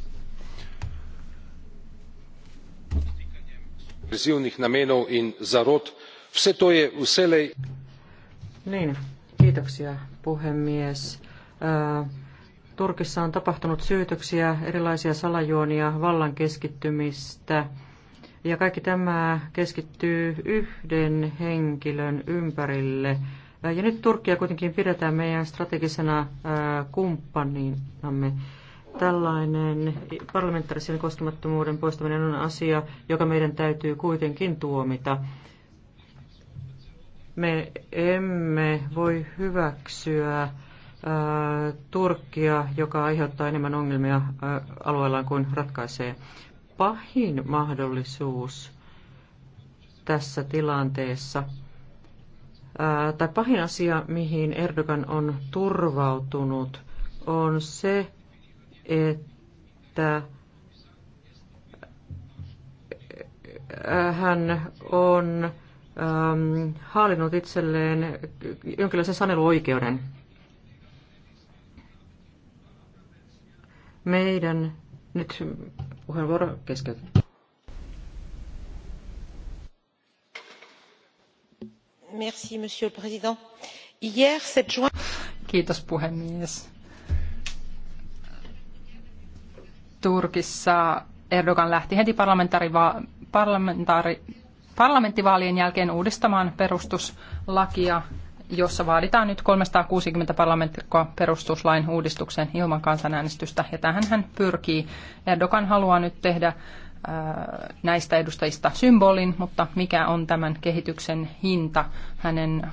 Agresivnih namenov in zarot, vse to je vselej... Niin, kiitoksia puhemies. Äh, Turkissa on tapahtunut syytöksiä, erilaisia salajuonia, vallan keskittymistä. Ja kaikki tämä keskittyy yhden henkilön ympärille. Ja nyt Turkkia kuitenkin pidetään meidän strategisena kumppaninamme. Tällainen parlamentaarisen koskemattomuuden poistaminen on asia, joka meidän täytyy kuitenkin tuomita. Me emme voi hyväksyä Turkkia, joka aiheuttaa enemmän ongelmia alueellaan kuin ratkaisee. Pahin mahdollisuus tässä tilanteessa, tai pahin asia, mihin Erdogan on turvautunut, on se, että hän on hallinnut itselleen jonkinlaisen saneluoikeuden Meidän nyt puheenvuoro keskeytetään. Merci, monsieur le président. Hier, cette juin... Kiitos puhemies. Turkissa Erdogan lähti heti parlamentaari, parlamentaari- parlamenttivaalien jälkeen uudistamaan perustuslakia jossa vaaditaan nyt 360 parlamenttikkoa perustuslain uudistuksen ilman kansanäänestystä. Ja tähän hän pyrkii. Erdogan haluaa nyt tehdä äh, näistä edustajista symbolin, mutta mikä on tämän kehityksen hinta? Hänen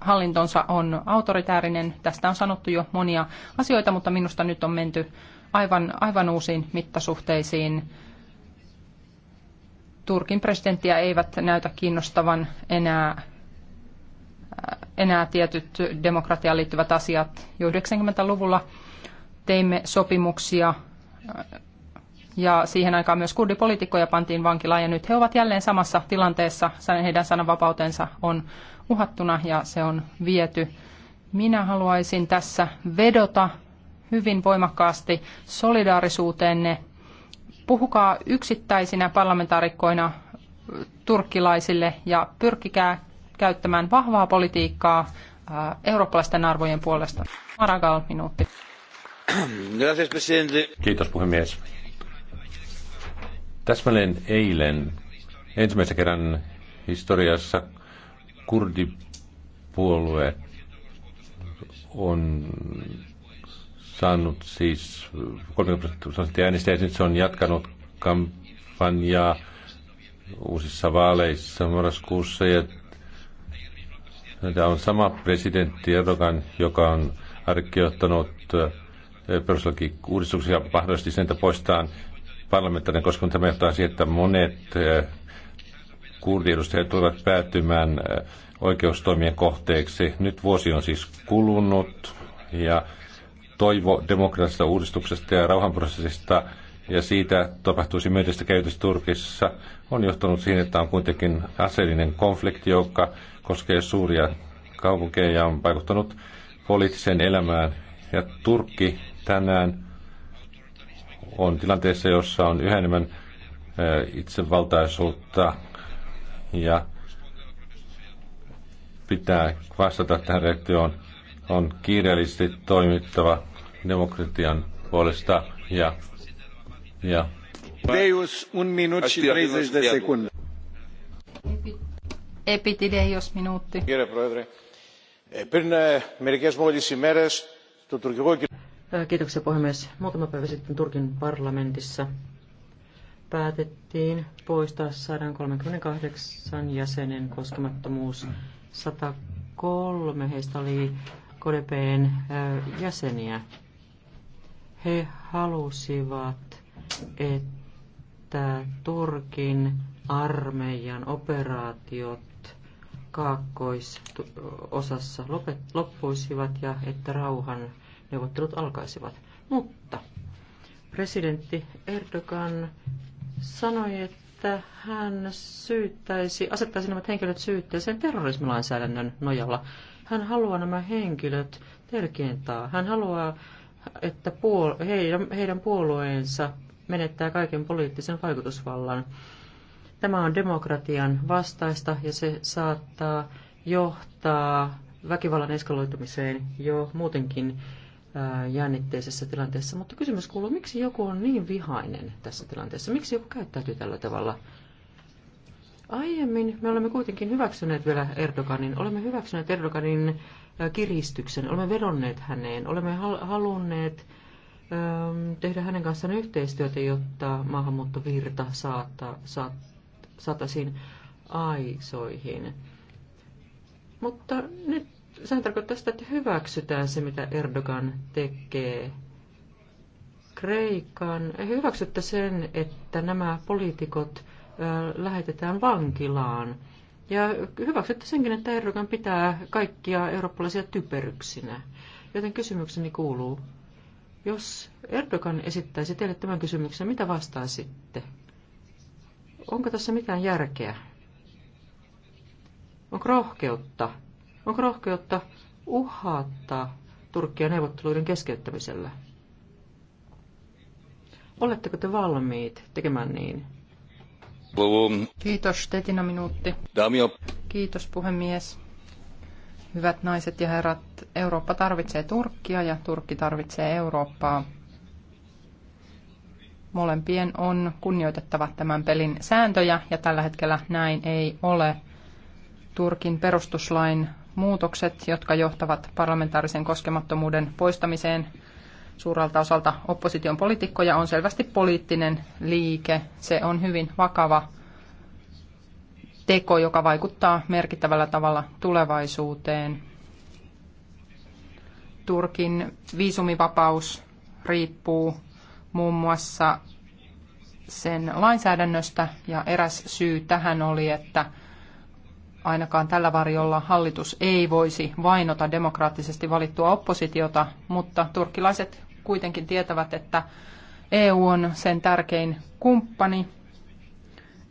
hallintonsa on autoritäärinen. Tästä on sanottu jo monia asioita, mutta minusta nyt on menty aivan, aivan uusiin mittasuhteisiin. Turkin presidenttiä eivät näytä kiinnostavan enää enää tietyt demokratiaan liittyvät asiat. Jo 90-luvulla teimme sopimuksia äh, ja siihen aikaan myös kurdipolitiikkoja pantiin vankilaan ja nyt he ovat jälleen samassa tilanteessa. Heidän sananvapautensa on uhattuna ja se on viety. Minä haluaisin tässä vedota hyvin voimakkaasti solidaarisuuteenne. Puhukaa yksittäisinä parlamentaarikkoina turkkilaisille ja pyrkikää käyttämään vahvaa politiikkaa äh, eurooppalaisten arvojen puolesta. Maragall minuutti. Kiitos puhemies. Täsmälleen eilen ensimmäisen kerran historiassa kurdipuolue on saanut siis 30 prosenttia ja nyt se on jatkanut kampanjaa uusissa vaaleissa marraskuussa ja Tämä on sama presidentti Erdogan, joka on arkeuttanut eh, perustuslaki-uudistuksia mahdollisesti sen, että poistaan parlamentaarinen, koska tämä johtaa siihen, että monet eh, kurdiedustajat tulevat päätymään eh, oikeustoimien kohteeksi. Nyt vuosi on siis kulunut ja toivo demokraattisesta uudistuksesta ja rauhanprosessista ja siitä tapahtuisi myönteistä käytöstä Turkissa on johtanut siihen, että on kuitenkin aseellinen konflikti, joka koskee suuria kaupunkeja ja on vaikuttanut poliittiseen elämään. Ja Turkki tänään on tilanteessa, jossa on yhä enemmän itsevaltaisuutta ja pitää vastata tähän reaktioon. On kiireellisesti toimittava demokratian puolesta ja, ja Deus, un minut 30 sekuntia. Epitideios minuutti. Kiitoksia puhemies. Muutama päivä sitten Turkin parlamentissa päätettiin poistaa 138 jäsenen koskemattomuus. 103 heistä oli KDPn jäseniä. He halusivat, että Turkin armeijan operaatiot kaakkoisosassa loppuisivat ja että rauhan neuvottelut alkaisivat. Mutta presidentti Erdogan sanoi, että hän syyttäisi, asettaisi nämä henkilöt syytteeseen terrorismilainsäädännön nojalla. Hän haluaa nämä henkilöt terkientää. Hän haluaa, että puol- heidän, heidän puolueensa menettää kaiken poliittisen vaikutusvallan. Tämä on demokratian vastaista ja se saattaa johtaa väkivallan eskaloitumiseen jo muutenkin jännitteisessä tilanteessa. Mutta kysymys kuuluu, miksi joku on niin vihainen tässä tilanteessa? Miksi joku käyttäytyy tällä tavalla? Aiemmin me olemme kuitenkin hyväksyneet vielä Erdoganin, olemme hyväksyneet Erdoganin kiristyksen, olemme vedonneet häneen, olemme halunneet tehdä hänen kanssaan yhteistyötä, jotta maahanmuuttovirta saattaa, saattaa satasin aisoihin. Mutta nyt sehän tarkoittaa sitä, että hyväksytään se, mitä Erdogan tekee Kreikan. Hyväksyttä sen, että nämä poliitikot lähetetään vankilaan. Ja hyväksytte senkin, että Erdogan pitää kaikkia eurooppalaisia typeryksinä. Joten kysymykseni kuuluu, jos Erdogan esittäisi teille tämän kysymyksen, mitä vastaisitte? Onko tässä mitään järkeä? Onko rohkeutta? Onko rohkeutta uhata Turkkia neuvotteluiden keskeyttämisellä? Oletteko te valmiit tekemään niin? Kiitos, Tetina minuutti. Damio. Kiitos, puhemies. Hyvät naiset ja herrat, Eurooppa tarvitsee Turkkia ja Turkki tarvitsee Eurooppaa molempien on kunnioitettava tämän pelin sääntöjä ja tällä hetkellä näin ei ole. Turkin perustuslain muutokset, jotka johtavat parlamentaarisen koskemattomuuden poistamiseen suurelta osalta opposition poliitikkoja, on selvästi poliittinen liike. Se on hyvin vakava teko, joka vaikuttaa merkittävällä tavalla tulevaisuuteen. Turkin viisumivapaus riippuu muun muassa sen lainsäädännöstä ja eräs syy tähän oli, että ainakaan tällä varjolla hallitus ei voisi vainota demokraattisesti valittua oppositiota, mutta turkkilaiset kuitenkin tietävät, että EU on sen tärkein kumppani.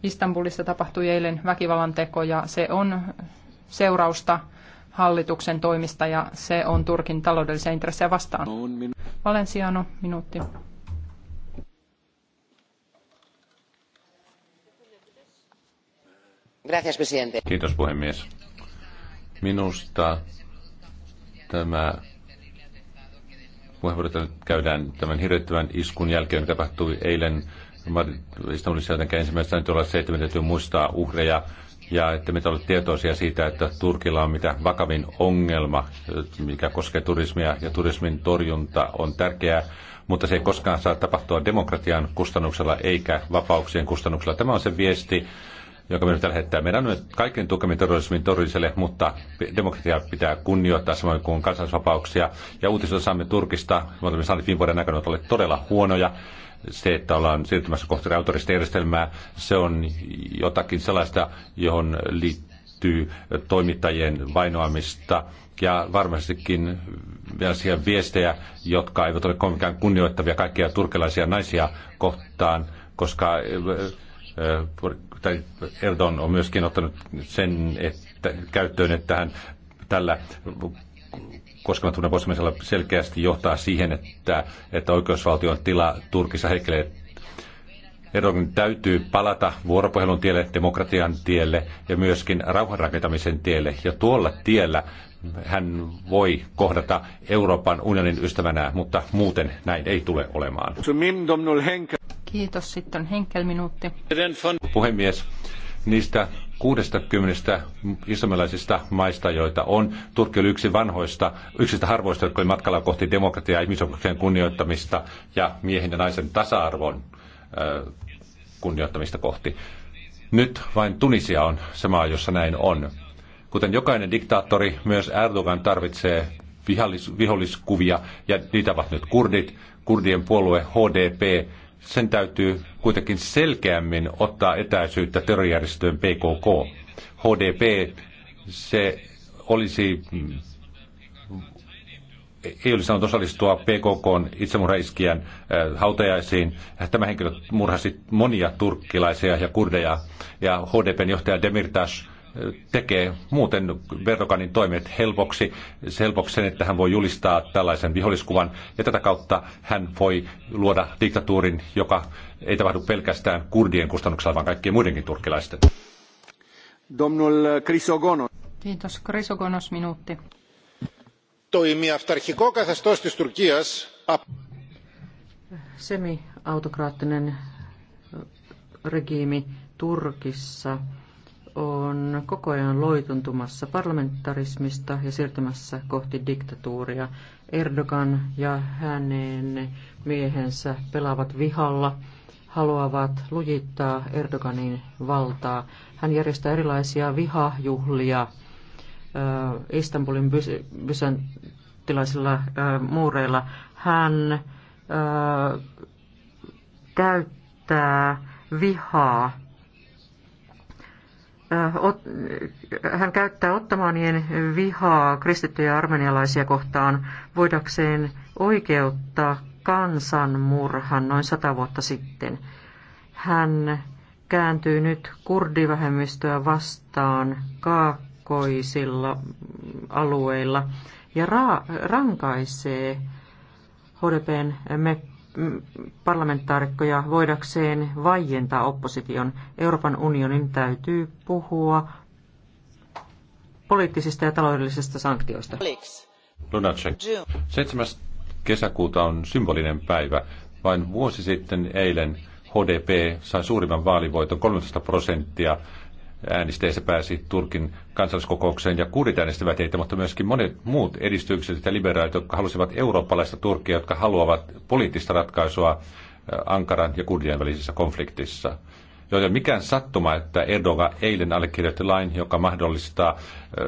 Istanbulissa tapahtui eilen väkivallan teko ja se on seurausta hallituksen toimista ja se on Turkin taloudellisia intressejä vastaan. Valenciano, minuutti. Gracias, Kiitos puhemies. Minusta tämä puheenvuoro käydään tämän hirvittävän iskun jälkeen, joka tapahtui eilen Istanbulissa, joten ensimmäistä nyt olla se, että me täytyy muistaa uhreja ja että me olemme tietoisia siitä, että Turkilla on mitä vakavin ongelma, mikä koskee turismia ja turismin torjunta on tärkeää, mutta se ei koskaan saa tapahtua demokratian kustannuksella eikä vapauksien kustannuksella. Tämä on se viesti, joka meidän tällä hetkellä meidän on kaiken tukemin terrorismin torjumiselle, mutta demokratiaa pitää kunnioittaa samoin kuin kansallisvapauksia. Ja uutiset saamme Turkista, mutta me saamme saaneet viime vuoden aikana ole todella huonoja. Se, että ollaan siirtymässä kohti autorista järjestelmää, se on jotakin sellaista, johon liittyy toimittajien vainoamista ja varmastikin sellaisia viestejä, jotka eivät ole kovinkään kunnioittavia kaikkia turkilaisia naisia kohtaan, koska eh, eh, että Erdogan on myöskin ottanut sen että, käyttöön, että hän tällä koskemattomuuden poistamisella selkeästi johtaa siihen, että, että oikeusvaltion tila Turkissa heikkelee Erdogan täytyy palata vuoropuhelun tielle, demokratian tielle ja myöskin rauhanrakentamisen tielle. Ja tuolla tiellä hän voi kohdata Euroopan unionin ystävänä, mutta muuten näin ei tule olemaan. Kiitos. Sitten Henkel Puhemies, niistä 60 islamilaisista maista, joita on. Turkki oli yksi vanhoista, yksistä harvoista, jotka oli matkalla kohti demokratiaa, ihmisoikeuksien kunnioittamista ja miehen ja naisen tasa-arvon äh, kunnioittamista kohti. Nyt vain Tunisia on se maa, jossa näin on. Kuten jokainen diktaattori, myös Erdogan tarvitsee vihollis, viholliskuvia, ja niitä ovat nyt kurdit, kurdien puolue HDP, sen täytyy kuitenkin selkeämmin ottaa etäisyyttä terrorijärjestöön PKK. HDP, se olisi, ei olisi saanut osallistua PKK itsemurhaiskijän äh, hautajaisiin. Tämä henkilö murhasi monia turkkilaisia ja kurdeja ja HDPn johtaja Demirtas tekee muuten Verdoganin toimet helpoksi, helpoksi sen, että hän voi julistaa tällaisen viholliskuvan ja tätä kautta hän voi luoda diktatuurin, joka ei tapahdu pelkästään kurdien kustannuksella, vaan kaikkien muidenkin turkilaisten. Domnul Krisogonos. Kiitos. Krisogonos minuutti. Toimiautarkiko καθεστώς της Τουρκίας... Semi-autokraattinen regiimi Turkissa on koko ajan loituntumassa parlamentarismista ja siirtymässä kohti diktatuuria. Erdogan ja hänen miehensä pelaavat vihalla, haluavat lujittaa Erdoganin valtaa. Hän järjestää erilaisia vihajuhlia Istanbulin bysantilaisilla muureilla. Hän käyttää vihaa Äh, hän käyttää ottamaanien vihaa kristittyjä armenialaisia kohtaan voidakseen oikeuttaa kansanmurhan noin sata vuotta sitten. Hän kääntyy nyt kurdivähemmistöä vastaan kaakkoisilla alueilla ja ra- rankaisee HDPn meppejä parlamentaarikkoja voidakseen vaientaa opposition. Euroopan unionin täytyy puhua poliittisista ja taloudellisista sanktioista. Lunacek. 7. kesäkuuta on symbolinen päivä. Vain vuosi sitten eilen HDP sai suurimman vaalivoiton 13 prosenttia äänestäjistä pääsi Turkin kansalliskokoukseen ja kurit äänestivät heitä, mutta myöskin monet muut edistykset ja liberaalit, jotka halusivat eurooppalaista Turkia, jotka haluavat poliittista ratkaisua Ankaran ja kurdien välisessä konfliktissa. Joten mikään sattuma, että Erdogan eilen allekirjoitti lain, joka mahdollistaa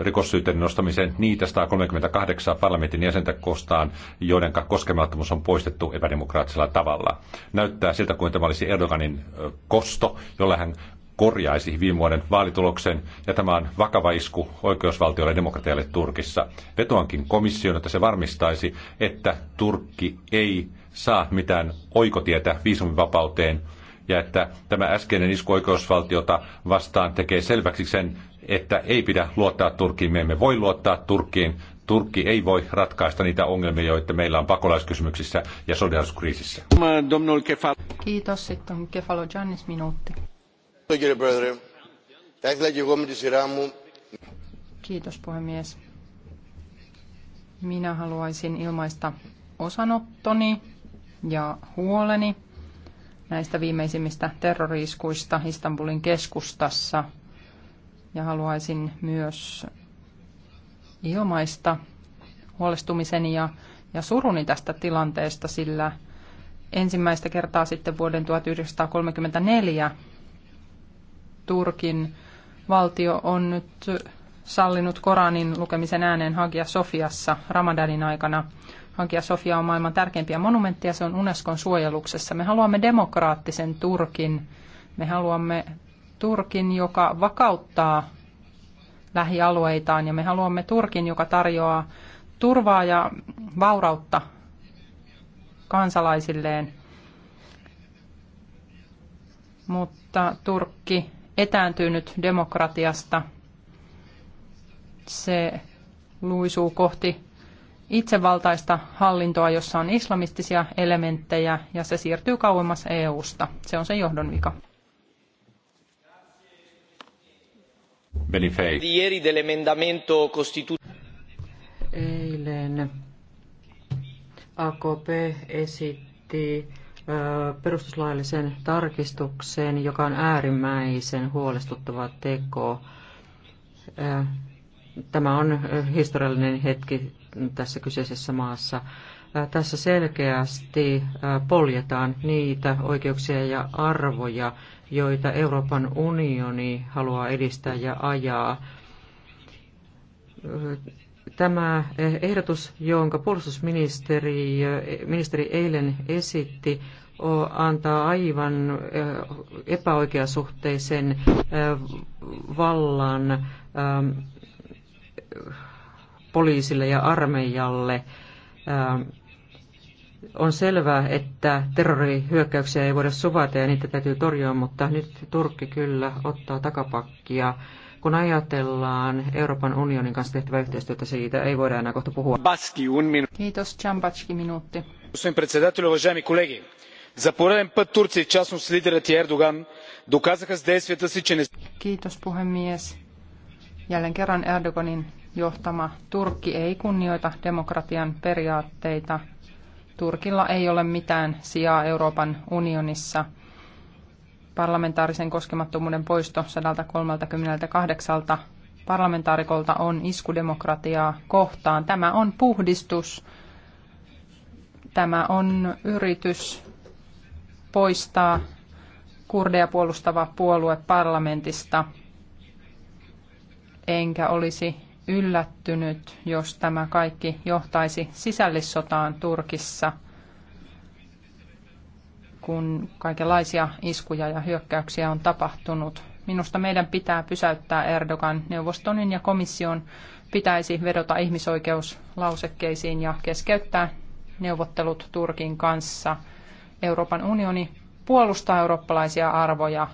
rikossyytteiden nostamisen niitä 138 parlamentin jäsentä kostaan, joiden koskemattomuus on poistettu epädemokraattisella tavalla. Näyttää siltä, kuin tämä olisi Erdoganin kosto, jolla hän korjaisi viime vuoden vaalituloksen, ja tämä on vakava isku oikeusvaltiolle ja demokratialle Turkissa. Vetoankin komission, että se varmistaisi, että Turkki ei saa mitään oikotietä viisumivapauteen, ja että tämä äskeinen isku oikeusvaltiota vastaan tekee selväksi sen, että ei pidä luottaa Turkkiin, me emme voi luottaa Turkkiin, Turkki ei voi ratkaista niitä ongelmia, joita meillä on pakolaiskysymyksissä ja sodanskriisissä. Kiitos. Sitten on Kefalo Giannis minuutti. Kiitos puhemies. Minä haluaisin ilmaista osanottoni ja huoleni näistä viimeisimmistä terroriiskuista Istanbulin keskustassa. Ja haluaisin myös ilmaista huolestumiseni ja, ja suruni tästä tilanteesta, sillä ensimmäistä kertaa sitten vuoden 1934 Turkin valtio on nyt sallinut Koranin lukemisen ääneen Hagia Sofiassa Ramadanin aikana. Hagia Sofia on maailman tärkeimpiä monumentteja, se on Unescon suojeluksessa. Me haluamme demokraattisen Turkin. Me haluamme Turkin, joka vakauttaa lähialueitaan ja me haluamme Turkin, joka tarjoaa turvaa ja vaurautta kansalaisilleen. Mutta Turkki etääntynyt demokratiasta. Se luisuu kohti itsevaltaista hallintoa, jossa on islamistisia elementtejä ja se siirtyy kauemmas EUsta. Se on sen johdonvika. Eilen AKP esitti perustuslaillisen tarkistukseen, joka on äärimmäisen huolestuttava teko. Tämä on historiallinen hetki tässä kyseisessä maassa. Tässä selkeästi poljetaan niitä oikeuksia ja arvoja, joita Euroopan unioni haluaa edistää ja ajaa Tämä eh, ehdotus, jonka puolustusministeri eh, ministeri eilen esitti, antaa aivan eh, epäoikeasuhteisen vallan ähm, poliisille ja armeijalle. Ähm, on selvää, että terrorihyökkäyksiä ei voida suvata ja niitä täytyy torjua, mutta nyt Turkki kyllä ottaa takapakkia. Kun ajatellaan Euroopan unionin kanssa tehtävää yhteistyötä, siitä ei voida enää kohta puhua. Baski, un minu... Kiitos, Chambatski, minuutti. Kiitos puhemies. Jälleen kerran Erdoganin johtama Turkki ei kunnioita demokratian periaatteita. Turkilla ei ole mitään sijaa Euroopan unionissa – parlamentaarisen koskemattomuuden poisto 138 parlamentaarikolta on iskudemokratiaa kohtaan. Tämä on puhdistus. Tämä on yritys poistaa kurdeja puolustava puolue parlamentista. Enkä olisi yllättynyt, jos tämä kaikki johtaisi sisällissotaan Turkissa – kun kaikenlaisia iskuja ja hyökkäyksiä on tapahtunut. Minusta meidän pitää pysäyttää Erdogan. Neuvostonin ja komission pitäisi vedota ihmisoikeuslausekkeisiin ja keskeyttää neuvottelut Turkin kanssa. Euroopan unioni puolustaa eurooppalaisia arvoja.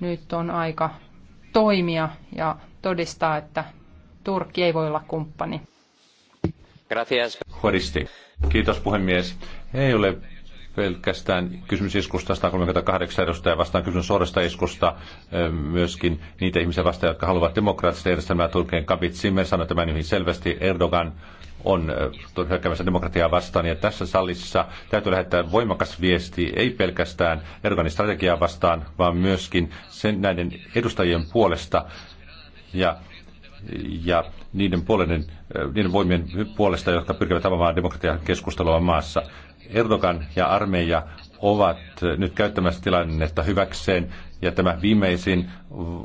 Nyt on aika toimia ja todistaa, että Turkki ei voi olla kumppani. Gracias. Kiitos puhemies. Ei ole pelkästään kysymys iskusta 138 edustajaa vastaan, kysymys suorasta iskusta myöskin niitä ihmisiä vastaan, jotka haluavat demokraattista järjestelmää Turkeen. Kabit Zimmer sanoi tämän hyvin selvästi. Erdogan on hyökkäämässä demokratiaa vastaan. Ja tässä salissa täytyy lähettää voimakas viesti, ei pelkästään Erdoganin strategiaa vastaan, vaan myöskin sen näiden edustajien puolesta ja, ja niiden, puolinen, niiden voimien puolesta, jotka pyrkivät avaamaan demokratiakeskustelua maassa. Erdogan ja armeija ovat nyt käyttämässä tilannetta hyväkseen, ja tämä viimeisin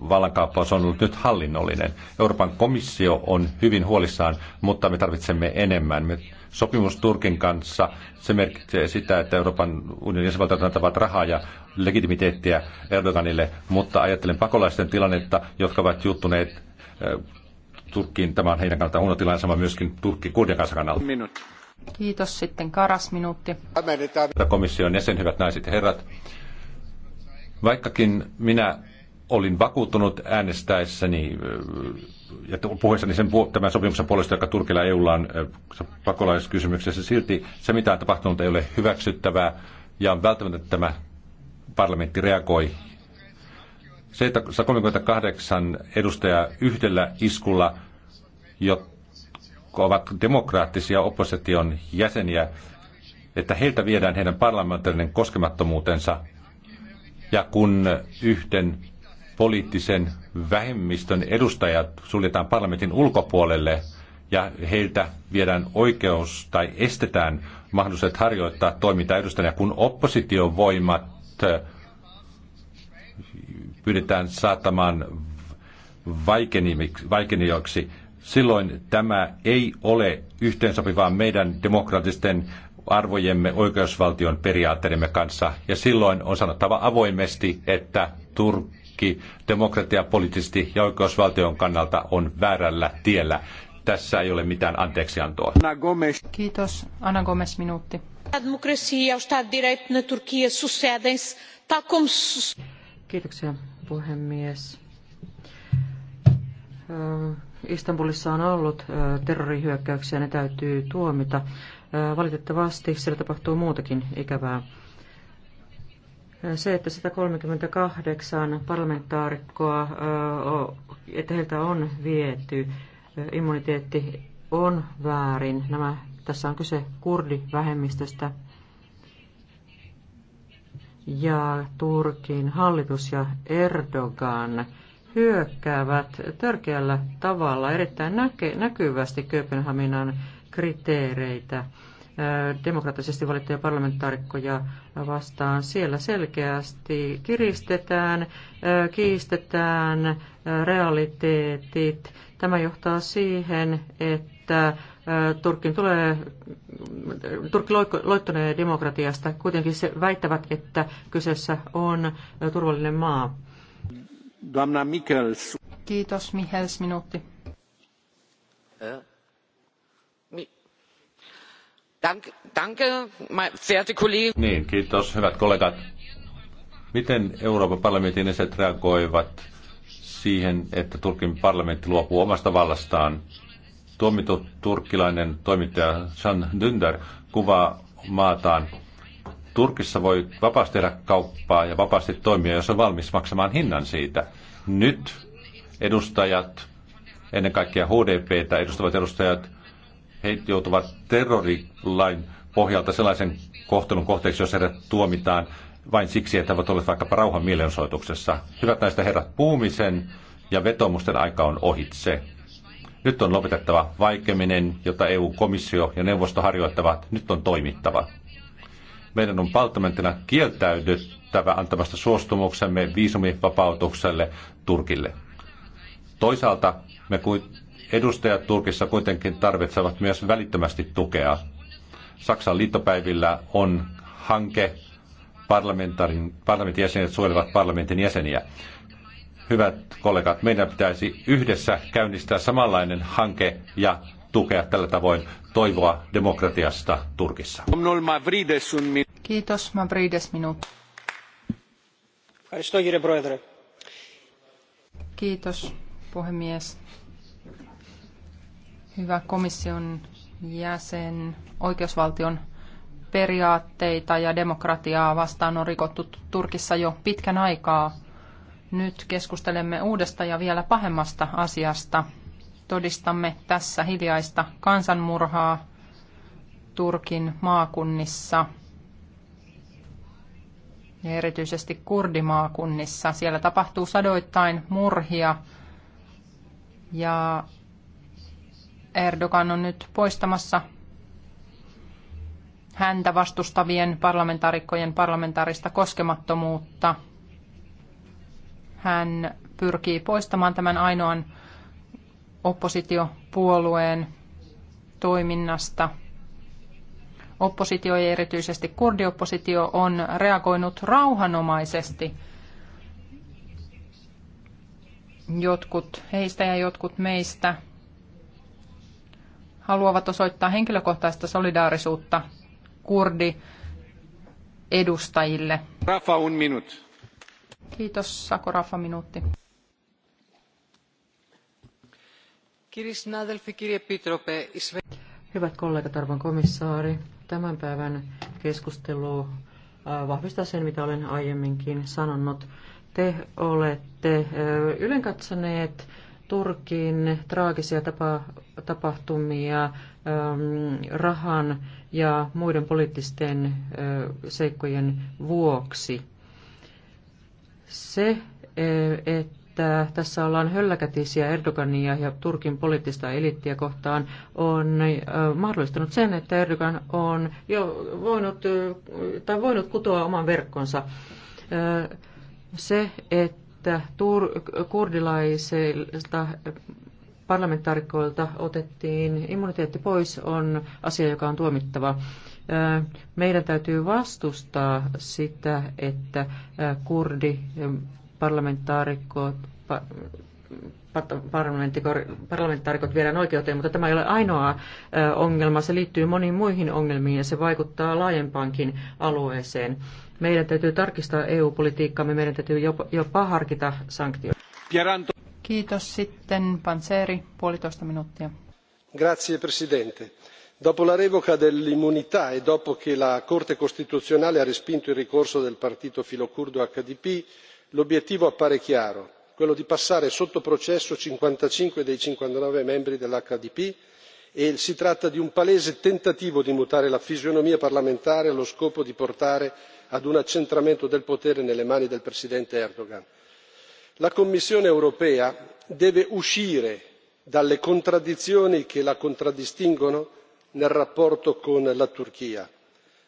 vallankaappaus on ollut nyt hallinnollinen. Euroopan komissio on hyvin huolissaan, mutta me tarvitsemme enemmän. Me sopimus Turkin kanssa, se merkitsee sitä, että Euroopan unionin jäsenvaltiot antavat rahaa ja legitimiteettiä Erdoganille, mutta ajattelen pakolaisten tilannetta, jotka ovat juttuneet eh, Turkkiin. Tämä on heidän kannaltaan huono tilanne, sama myöskin Turkki kurdien kanssa kannalta. Minuutti. Kiitos. Sitten Karas minuutti. komission jäsen, hyvät naiset ja herrat. Vaikkakin minä olin vakuuttunut äänestäessäni äh, ja puheessani sen, tämän sopimuksen puolesta, joka Turkilla EUlla on äh, pakolaiskysymyksessä, silti se, mitä on tapahtunut, ei ole hyväksyttävää ja on välttämätöntä, että tämä parlamentti reagoi. Se, että 138 edustajaa yhdellä iskulla, jotta ovat demokraattisia opposition jäseniä, että heiltä viedään heidän parlamentaarinen koskemattomuutensa. Ja kun yhden poliittisen vähemmistön edustajat suljetaan parlamentin ulkopuolelle ja heiltä viedään oikeus tai estetään mahdollisuudet harjoittaa toimintaa edustajana, kun oppositiovoimat äh, pyydetään saattamaan vaikenijoiksi, silloin tämä ei ole yhteensopivaa meidän demokraattisten arvojemme oikeusvaltion periaatteidemme kanssa. Ja silloin on sanottava avoimesti, että Turkki demokratia poliittisesti ja oikeusvaltion kannalta on väärällä tiellä. Tässä ei ole mitään anteeksiantoa. Anna Gomes. Kiitos. Anna Gomes, minuutti. ja na se Kiitoksia, puhemies Istanbulissa on ollut terrorihyökkäyksiä, ne täytyy tuomita. Valitettavasti siellä tapahtuu muutakin ikävää. Se, että 138 parlamentaarikkoa, että heiltä on viety immuniteetti, on väärin. Nämä, tässä on kyse kurdivähemmistöstä, ja Turkin hallitus ja Erdogan hyökkäävät törkeällä tavalla erittäin näkyvästi Kööpenhaminan kriteereitä demokraattisesti valittuja parlamentaarikkoja vastaan. Siellä selkeästi kiristetään, kiistetään realiteetit. Tämä johtaa siihen, että Turkin tulee, Turkki loittonee demokratiasta. Kuitenkin se väittävät, että kyseessä on turvallinen maa. Niin, kiitos, hyvät kollegat. Miten Euroopan parlamentin jäsenet reagoivat siihen, että Turkin parlamentti luopuu omasta vallastaan? Tuomittu turkkilainen toimittaja San Dündar kuvaa maataan Turkissa voi vapaasti tehdä kauppaa ja vapaasti toimia, jos on valmis maksamaan hinnan siitä. Nyt edustajat, ennen kaikkea HDPtä edustavat edustajat, he joutuvat terrorilain pohjalta sellaisen kohtelun kohteeksi, jos heidät tuomitaan vain siksi, että he ovat olleet vaikkapa rauhan mielenosoituksessa. Hyvät näistä herrat, puumisen ja vetomusten aika on ohitse. Nyt on lopetettava vaikeminen, jota EU-komissio ja neuvosto harjoittavat. Nyt on toimittava meidän on parlamenttina kieltäydyttävä antamasta suostumuksemme viisumivapautukselle Turkille. Toisaalta me edustajat Turkissa kuitenkin tarvitsevat myös välittömästi tukea. Saksan liittopäivillä on hanke, parlamentin jäsenet suojelevat parlamentin jäseniä. Hyvät kollegat, meidän pitäisi yhdessä käynnistää samanlainen hanke ja tukea tällä tavoin toivoa demokratiasta Turkissa. Kiitos, Mavrides minuutti. Kiitos, puhemies. Hyvä komission jäsen, oikeusvaltion periaatteita ja demokratiaa vastaan on rikottu Turkissa jo pitkän aikaa. Nyt keskustelemme uudesta ja vielä pahemmasta asiasta, todistamme tässä hiljaista kansanmurhaa Turkin maakunnissa ja erityisesti kurdimaakunnissa. Siellä tapahtuu sadoittain murhia ja Erdogan on nyt poistamassa häntä vastustavien parlamentaarikkojen parlamentaarista koskemattomuutta. Hän pyrkii poistamaan tämän ainoan oppositiopuolueen toiminnasta. Oppositio ja erityisesti kurdioppositio on reagoinut rauhanomaisesti. Jotkut heistä ja jotkut meistä haluavat osoittaa henkilökohtaista solidaarisuutta kurdi edustajille. Rafa, un minut. Kiitos, Sako Rafa, minuutti. Hyvät kollegat, arvon komissaari, tämän päivän keskustelu äh, vahvistaa sen, mitä olen aiemminkin sanonut. Te olette äh, ylenkatsoneet Turkin traagisia tapa, tapahtumia ähm, rahan ja muiden poliittisten äh, seikkojen vuoksi. Se, että että tässä ollaan hölläkätisiä Erdogania ja Turkin poliittista eliittiä kohtaan, on mahdollistanut sen, että Erdogan on jo voinut, tai voinut kutoa oman verkkonsa. Se, että tur- kurdilaisilta parlamentaarikoilta otettiin immuniteetti pois, on asia, joka on tuomittava. Meidän täytyy vastustaa sitä, että kurdi parlamentaarikot, parlamentaarikot viedään oikeuteen, mutta tämä ei ole ainoa ongelma. Se liittyy moniin muihin ongelmiin ja se vaikuttaa laajempaankin alueeseen. Meidän täytyy tarkistaa EU-politiikkaamme, meidän täytyy jopa, jopa harkita sanktioita. Kiitos sitten Panzeri, puolitoista minuuttia. Grazie Presidente. Dopo la revoca dell'immunità e dopo che la Corte Costituzionale ha respinto il ricorso del partito filocurdo HDP, l'obiettivo appare chiaro quello di passare sotto processo cinquantacinque dei cinquantanove membri dell'hdp e si tratta di un palese tentativo di mutare la fisionomia parlamentare allo scopo di portare ad un accentramento del potere nelle mani del presidente erdogan. la commissione europea deve uscire dalle contraddizioni che la contraddistinguono nel rapporto con la turchia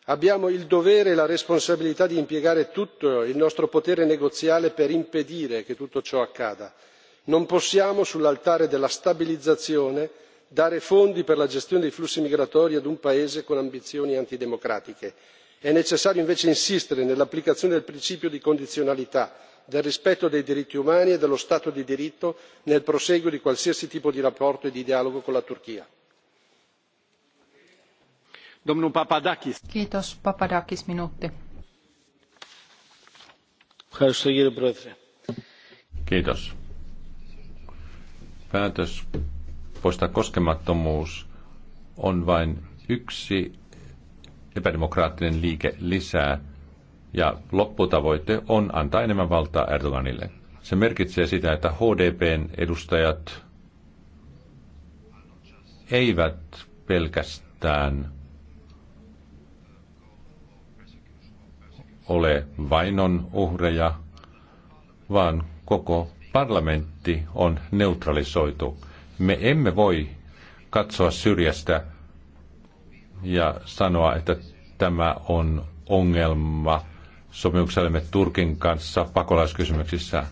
abbiamo il dovere e la responsabilità di impiegare tutto il nostro potere negoziale per impedire che tutto ciò accada non possiamo sull'altare della stabilizzazione dare fondi per la gestione dei flussi migratori ad un paese con ambizioni antidemocratiche è necessario invece insistere nell'applicazione del principio di condizionalità del rispetto dei diritti umani e dello stato di diritto nel prosieguo di qualsiasi tipo di rapporto e di dialogo con la turchia. Domnul Papadakis. Kiitos. Papadakis, minuutti. Kiitos. Päätös poistaa koskemattomuus on vain yksi epädemokraattinen liike lisää, ja lopputavoite on antaa enemmän valtaa Erdoganille. Se merkitsee sitä, että HDPn edustajat eivät pelkästään ole vainon uhreja, vaan koko parlamentti on neutralisoitu. Me emme voi katsoa syrjästä ja sanoa, että tämä on ongelma sopimuksellemme Turkin kanssa pakolaiskysymyksissä.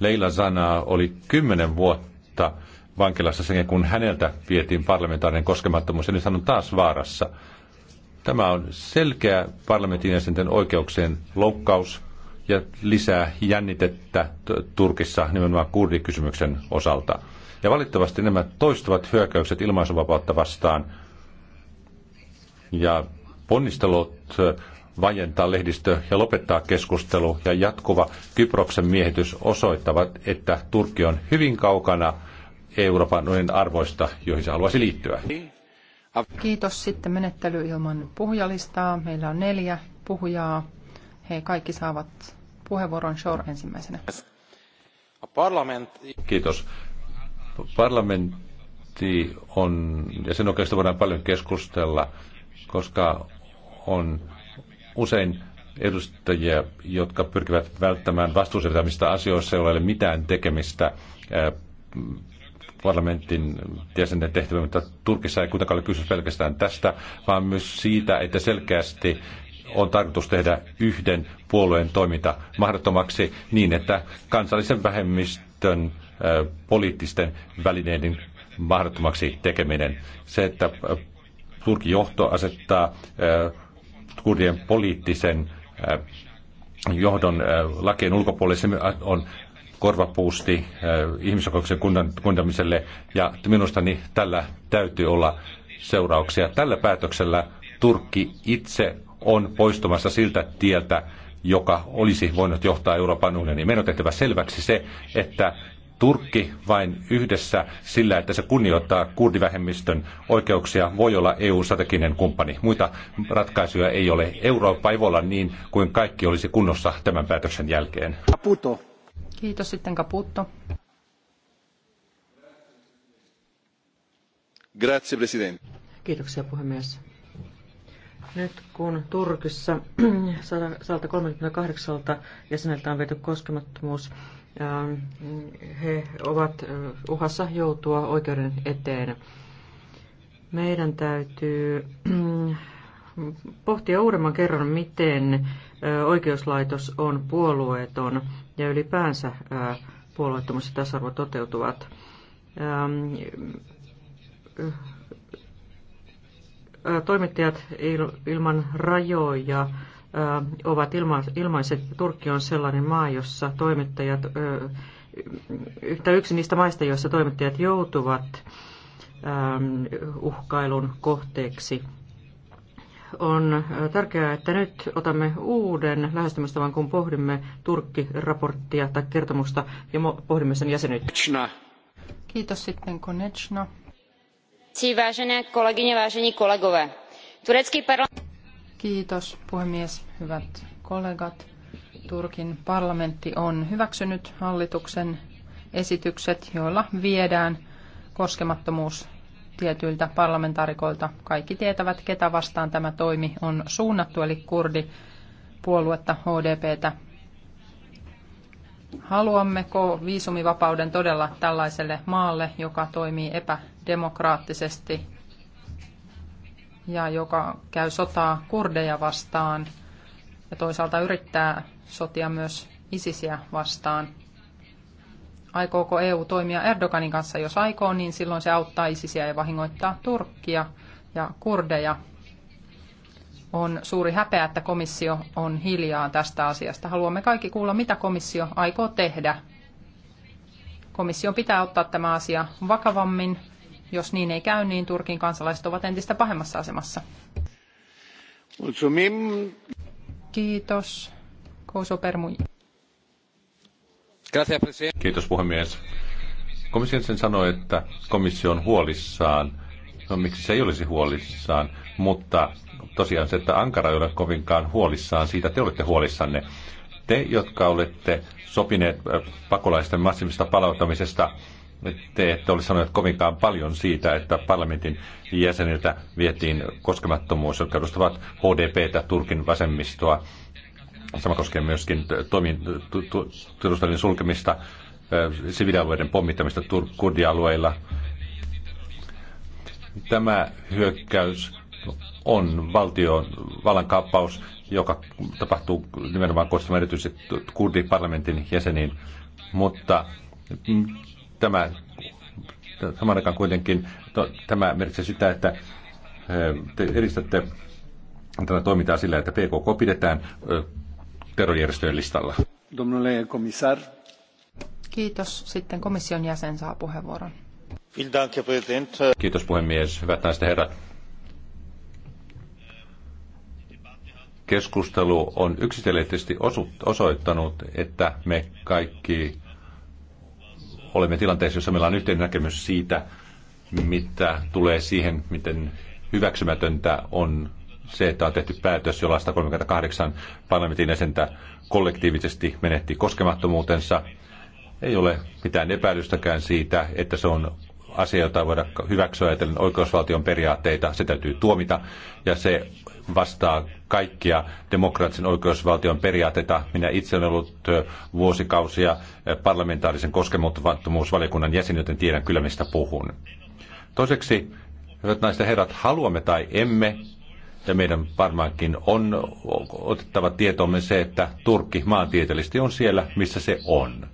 Leila Zana oli kymmenen vuotta vankilassa sen, kun häneltä vietiin parlamentaarinen koskemattomuus, ja nyt hän on taas vaarassa. Tämä on selkeä parlamentin jäsenten oikeuksien loukkaus ja lisää jännitettä Turkissa nimenomaan kurdikysymyksen osalta. Ja valitettavasti nämä toistuvat hyökkäykset ilmaisuvapautta vastaan ja ponnistelut vajentaa lehdistö ja lopettaa keskustelu ja jatkuva Kyproksen miehitys osoittavat, että Turkki on hyvin kaukana Euroopan noin arvoista, joihin se haluaisi liittyä. Kiitos. Sitten menettely ilman puhujalistaa. Meillä on neljä puhujaa. He kaikki saavat puheenvuoron Shore ensimmäisenä. Kiitos. Parlamentti on, ja sen oikeastaan voidaan paljon keskustella, koska on usein edustajia, jotka pyrkivät välttämään vastuuseen asioissa, joilla ei ole mitään tekemistä parlamentin jäsenten tehtävä, mutta Turkissa ei kuitenkaan ole kysymys pelkästään tästä, vaan myös siitä, että selkeästi on tarkoitus tehdä yhden puolueen toiminta mahdottomaksi niin, että kansallisen vähemmistön poliittisten välineiden mahdottomaksi tekeminen. Se, että Turkin johto asettaa kurdien poliittisen johdon lakien ulkopuolelle, se on korvapuusti äh, ihmisoikeuksien kunnioittamiselle ja minusta niin tällä täytyy olla seurauksia. Tällä päätöksellä Turkki itse on poistumassa siltä tieltä, joka olisi voinut johtaa Euroopan unioniin. Meidän on tehtävä selväksi se, että Turkki vain yhdessä sillä, että se kunnioittaa kurdivähemmistön oikeuksia, voi olla EU-strateginen kumppani. Muita ratkaisuja ei ole. Eurooppa ei voi olla niin kuin kaikki olisi kunnossa tämän päätöksen jälkeen. Kiitos sitten Caputo. Grazie, presidente. Kiitoksia puhemies. Nyt kun Turkissa 138 jäseneltä on viety koskemattomuus, mm, he ovat uhassa joutua oikeuden eteen. Meidän täytyy pohtia uudemman kerran, miten oikeuslaitos on puolueeton ja ylipäänsä puolueettomuus ja tasa-arvo toteutuvat. Toimittajat ilman rajoja ovat ilmaiset, Turkki on sellainen maa, jossa toimittajat, yhtä yksi niistä maista, joissa toimittajat joutuvat uhkailun kohteeksi on tärkeää, että nyt otamme uuden lähestymistavan, kun pohdimme Turkki-raporttia tai kertomusta ja pohdimme sen jäsenyyttä. Kiitos sitten Konechna. Kiitos puhemies, hyvät kollegat. Turkin parlamentti on hyväksynyt hallituksen esitykset, joilla viedään koskemattomuus tietyiltä parlamentaarikoilta. Kaikki tietävät, ketä vastaan tämä toimi on suunnattu, eli kurdi puoluetta HDPtä. Haluammeko viisumivapauden todella tällaiselle maalle, joka toimii epädemokraattisesti ja joka käy sotaa kurdeja vastaan ja toisaalta yrittää sotia myös isisiä vastaan? aikooko EU toimia Erdoganin kanssa. Jos aikoo, niin silloin se auttaa ISISiä ja vahingoittaa Turkkia ja kurdeja. On suuri häpeä, että komissio on hiljaa tästä asiasta. Haluamme kaikki kuulla, mitä komissio aikoo tehdä. Komission pitää ottaa tämä asia vakavammin. Jos niin ei käy, niin Turkin kansalaiset ovat entistä pahemmassa asemassa. Kiitos. Kouso Kiitos puhemies. Komission sen sanoi, että komissio on huolissaan. No miksi se ei olisi huolissaan, mutta tosiaan se, että Ankara ei ole kovinkaan huolissaan, siitä te olette huolissanne. Te, jotka olette sopineet äh, pakolaisten massiivisesta palauttamisesta, te ette ole sanoneet kovinkaan paljon siitä, että parlamentin jäseniltä vietiin koskemattomuus, jotka edustavat HDPtä, Turkin vasemmistoa, Sama koskee myöskin tiedustelun sulkemista, sivilialueiden pommittamista kurdialueilla. Tämä hyökkäys on valtion vallankaappaus, joka tapahtuu nimenomaan koostamaan erityisesti kurdiparlamentin jäseniin. Mutta mm, tämä samaan aikaan kuitenkin to, tämä merkitsee sitä, että te edistätte tätä toimintaa sillä, että PKK pidetään terrorijärjestöjen listalla. Domnule komissar. Kiitos. Sitten komission jäsen saa puheenvuoron. Kiitos puhemies. Hyvät naiset ja herrat. Keskustelu on yksiselitteisesti osoittanut, että me kaikki olemme tilanteessa, jossa meillä on yhteinen näkemys siitä, mitä tulee siihen, miten hyväksymätöntä on se, että on tehty päätös, jolla 138 parlamentin jäsentä kollektiivisesti menetti koskemattomuutensa. Ei ole mitään epäilystäkään siitä, että se on asia, jota voida hyväksyä ajatellen oikeusvaltion periaatteita. Se täytyy tuomita ja se vastaa kaikkia demokraattisen oikeusvaltion periaatteita. Minä itse olen ollut vuosikausia parlamentaarisen koskemattomuusvaliokunnan jäsen, joten tiedän kyllä mistä puhun. Toiseksi, hyvät naiset ja herrat, haluamme tai emme, ja meidän varmaankin on otettava tietomme se, että Turkki maantieteellisesti on siellä, missä se on.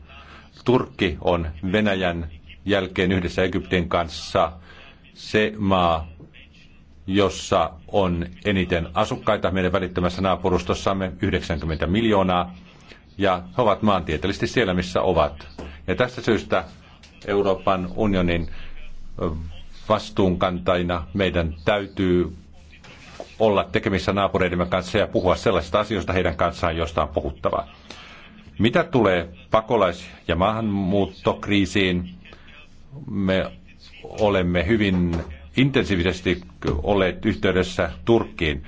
Turkki on Venäjän jälkeen yhdessä Egyptin kanssa se maa, jossa on eniten asukkaita meidän välittömässä naapurustossamme 90 miljoonaa, ja he ovat maantieteellisesti siellä, missä ovat. Ja tästä syystä Euroopan unionin vastuunkantajina meidän täytyy olla tekemissä naapureidemme kanssa ja puhua sellaisista asioista heidän kanssaan, joista on puhuttava. Mitä tulee pakolais- ja maahanmuuttokriisiin, me olemme hyvin intensiivisesti olleet yhteydessä Turkkiin.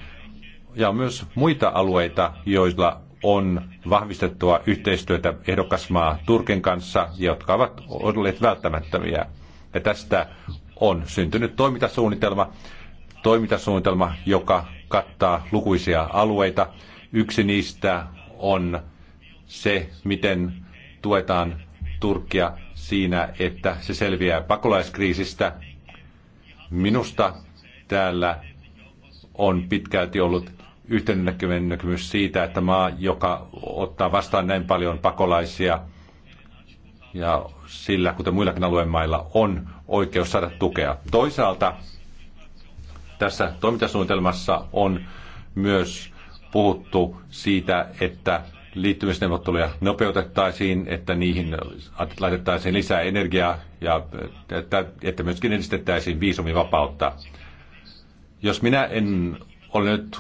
Ja on myös muita alueita, joilla on vahvistettua yhteistyötä ehdokasmaa Turkin kanssa, jotka ovat olleet välttämättömiä. Ja tästä on syntynyt toimintasuunnitelma, toimintasuunnitelma, joka kattaa lukuisia alueita. Yksi niistä on se, miten tuetaan Turkkia siinä, että se selviää pakolaiskriisistä. Minusta täällä on pitkälti ollut yhteinen näkemys siitä, että maa, joka ottaa vastaan näin paljon pakolaisia, ja sillä, kuten muillakin alueen mailla, on oikeus saada tukea. Toisaalta tässä toimintasuunnitelmassa on myös puhuttu siitä, että liittymisneuvotteluja nopeutettaisiin, että niihin laitettaisiin lisää energiaa ja että, että myöskin edistettäisiin viisumivapautta. Jos minä en ole nyt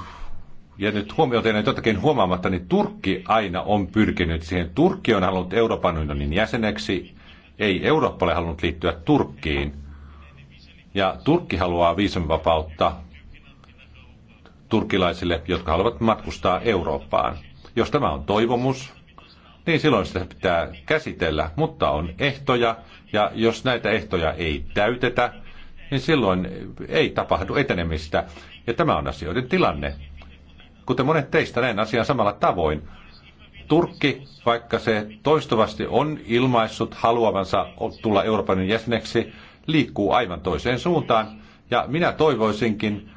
jäänyt huomiota ja jotakin huomaamatta, niin Turkki aina on pyrkinyt siihen. Turkki on halunnut Euroopan unionin jäseneksi, ei Eurooppa ole halunnut liittyä Turkkiin. Ja Turkki haluaa viisumivapautta turkilaisille, jotka haluavat matkustaa Eurooppaan. Jos tämä on toivomus, niin silloin sitä pitää käsitellä, mutta on ehtoja, ja jos näitä ehtoja ei täytetä, niin silloin ei tapahdu etenemistä. Ja tämä on asioiden tilanne. Kuten monet teistä näen asian samalla tavoin, Turkki, vaikka se toistuvasti on ilmaissut haluavansa tulla Euroopan jäseneksi, liikkuu aivan toiseen suuntaan. Ja minä toivoisinkin,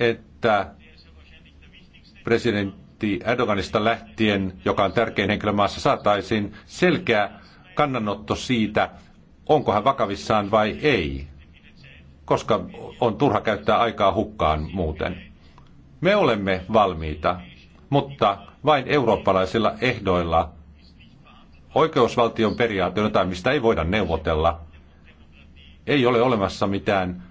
että presidentti Erdoganista lähtien, joka on tärkein henkilö maassa, saataisiin selkeä kannanotto siitä, onko hän vakavissaan vai ei, koska on turha käyttää aikaa hukkaan muuten. Me olemme valmiita, mutta vain eurooppalaisilla ehdoilla. Oikeusvaltion periaate on mistä ei voida neuvotella. Ei ole olemassa mitään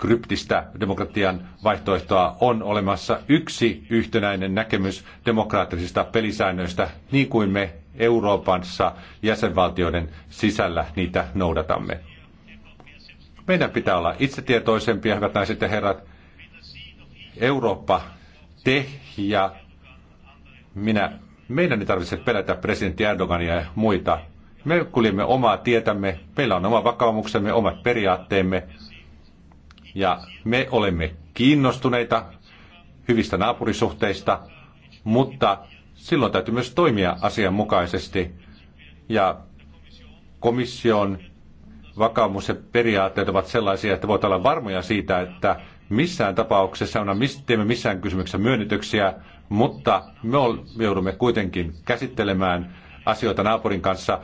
kryptistä demokratian vaihtoehtoa. On olemassa yksi yhtenäinen näkemys demokraattisista pelisäännöistä, niin kuin me Euroopassa jäsenvaltioiden sisällä niitä noudatamme. Meidän pitää olla itsetietoisempia, hyvät naiset ja herrat. Eurooppa, te ja minä, meidän ei tarvitse pelätä presidentti Erdogania ja muita. Me kuljemme omaa tietämme, meillä on oma vakaumuksemme, omat periaatteemme ja me olemme kiinnostuneita hyvistä naapurisuhteista, mutta silloin täytyy myös toimia asianmukaisesti ja komission vakaumus ja periaatteet ovat sellaisia, että voit olla varmoja siitä, että missään tapauksessa on, teemme missään kysymyksessä myönnytyksiä, mutta me joudumme kuitenkin käsittelemään asioita naapurin kanssa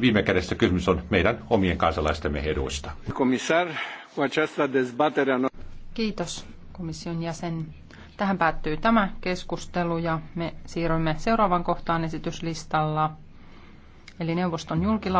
viime kädessä kysymys on meidän omien kansalaistemme eduista. No- Kiitos komission jäsen. Tähän päättyy tämä keskustelu ja me siirrymme seuraavan kohtaan esityslistalla, eli neuvoston julkilaus.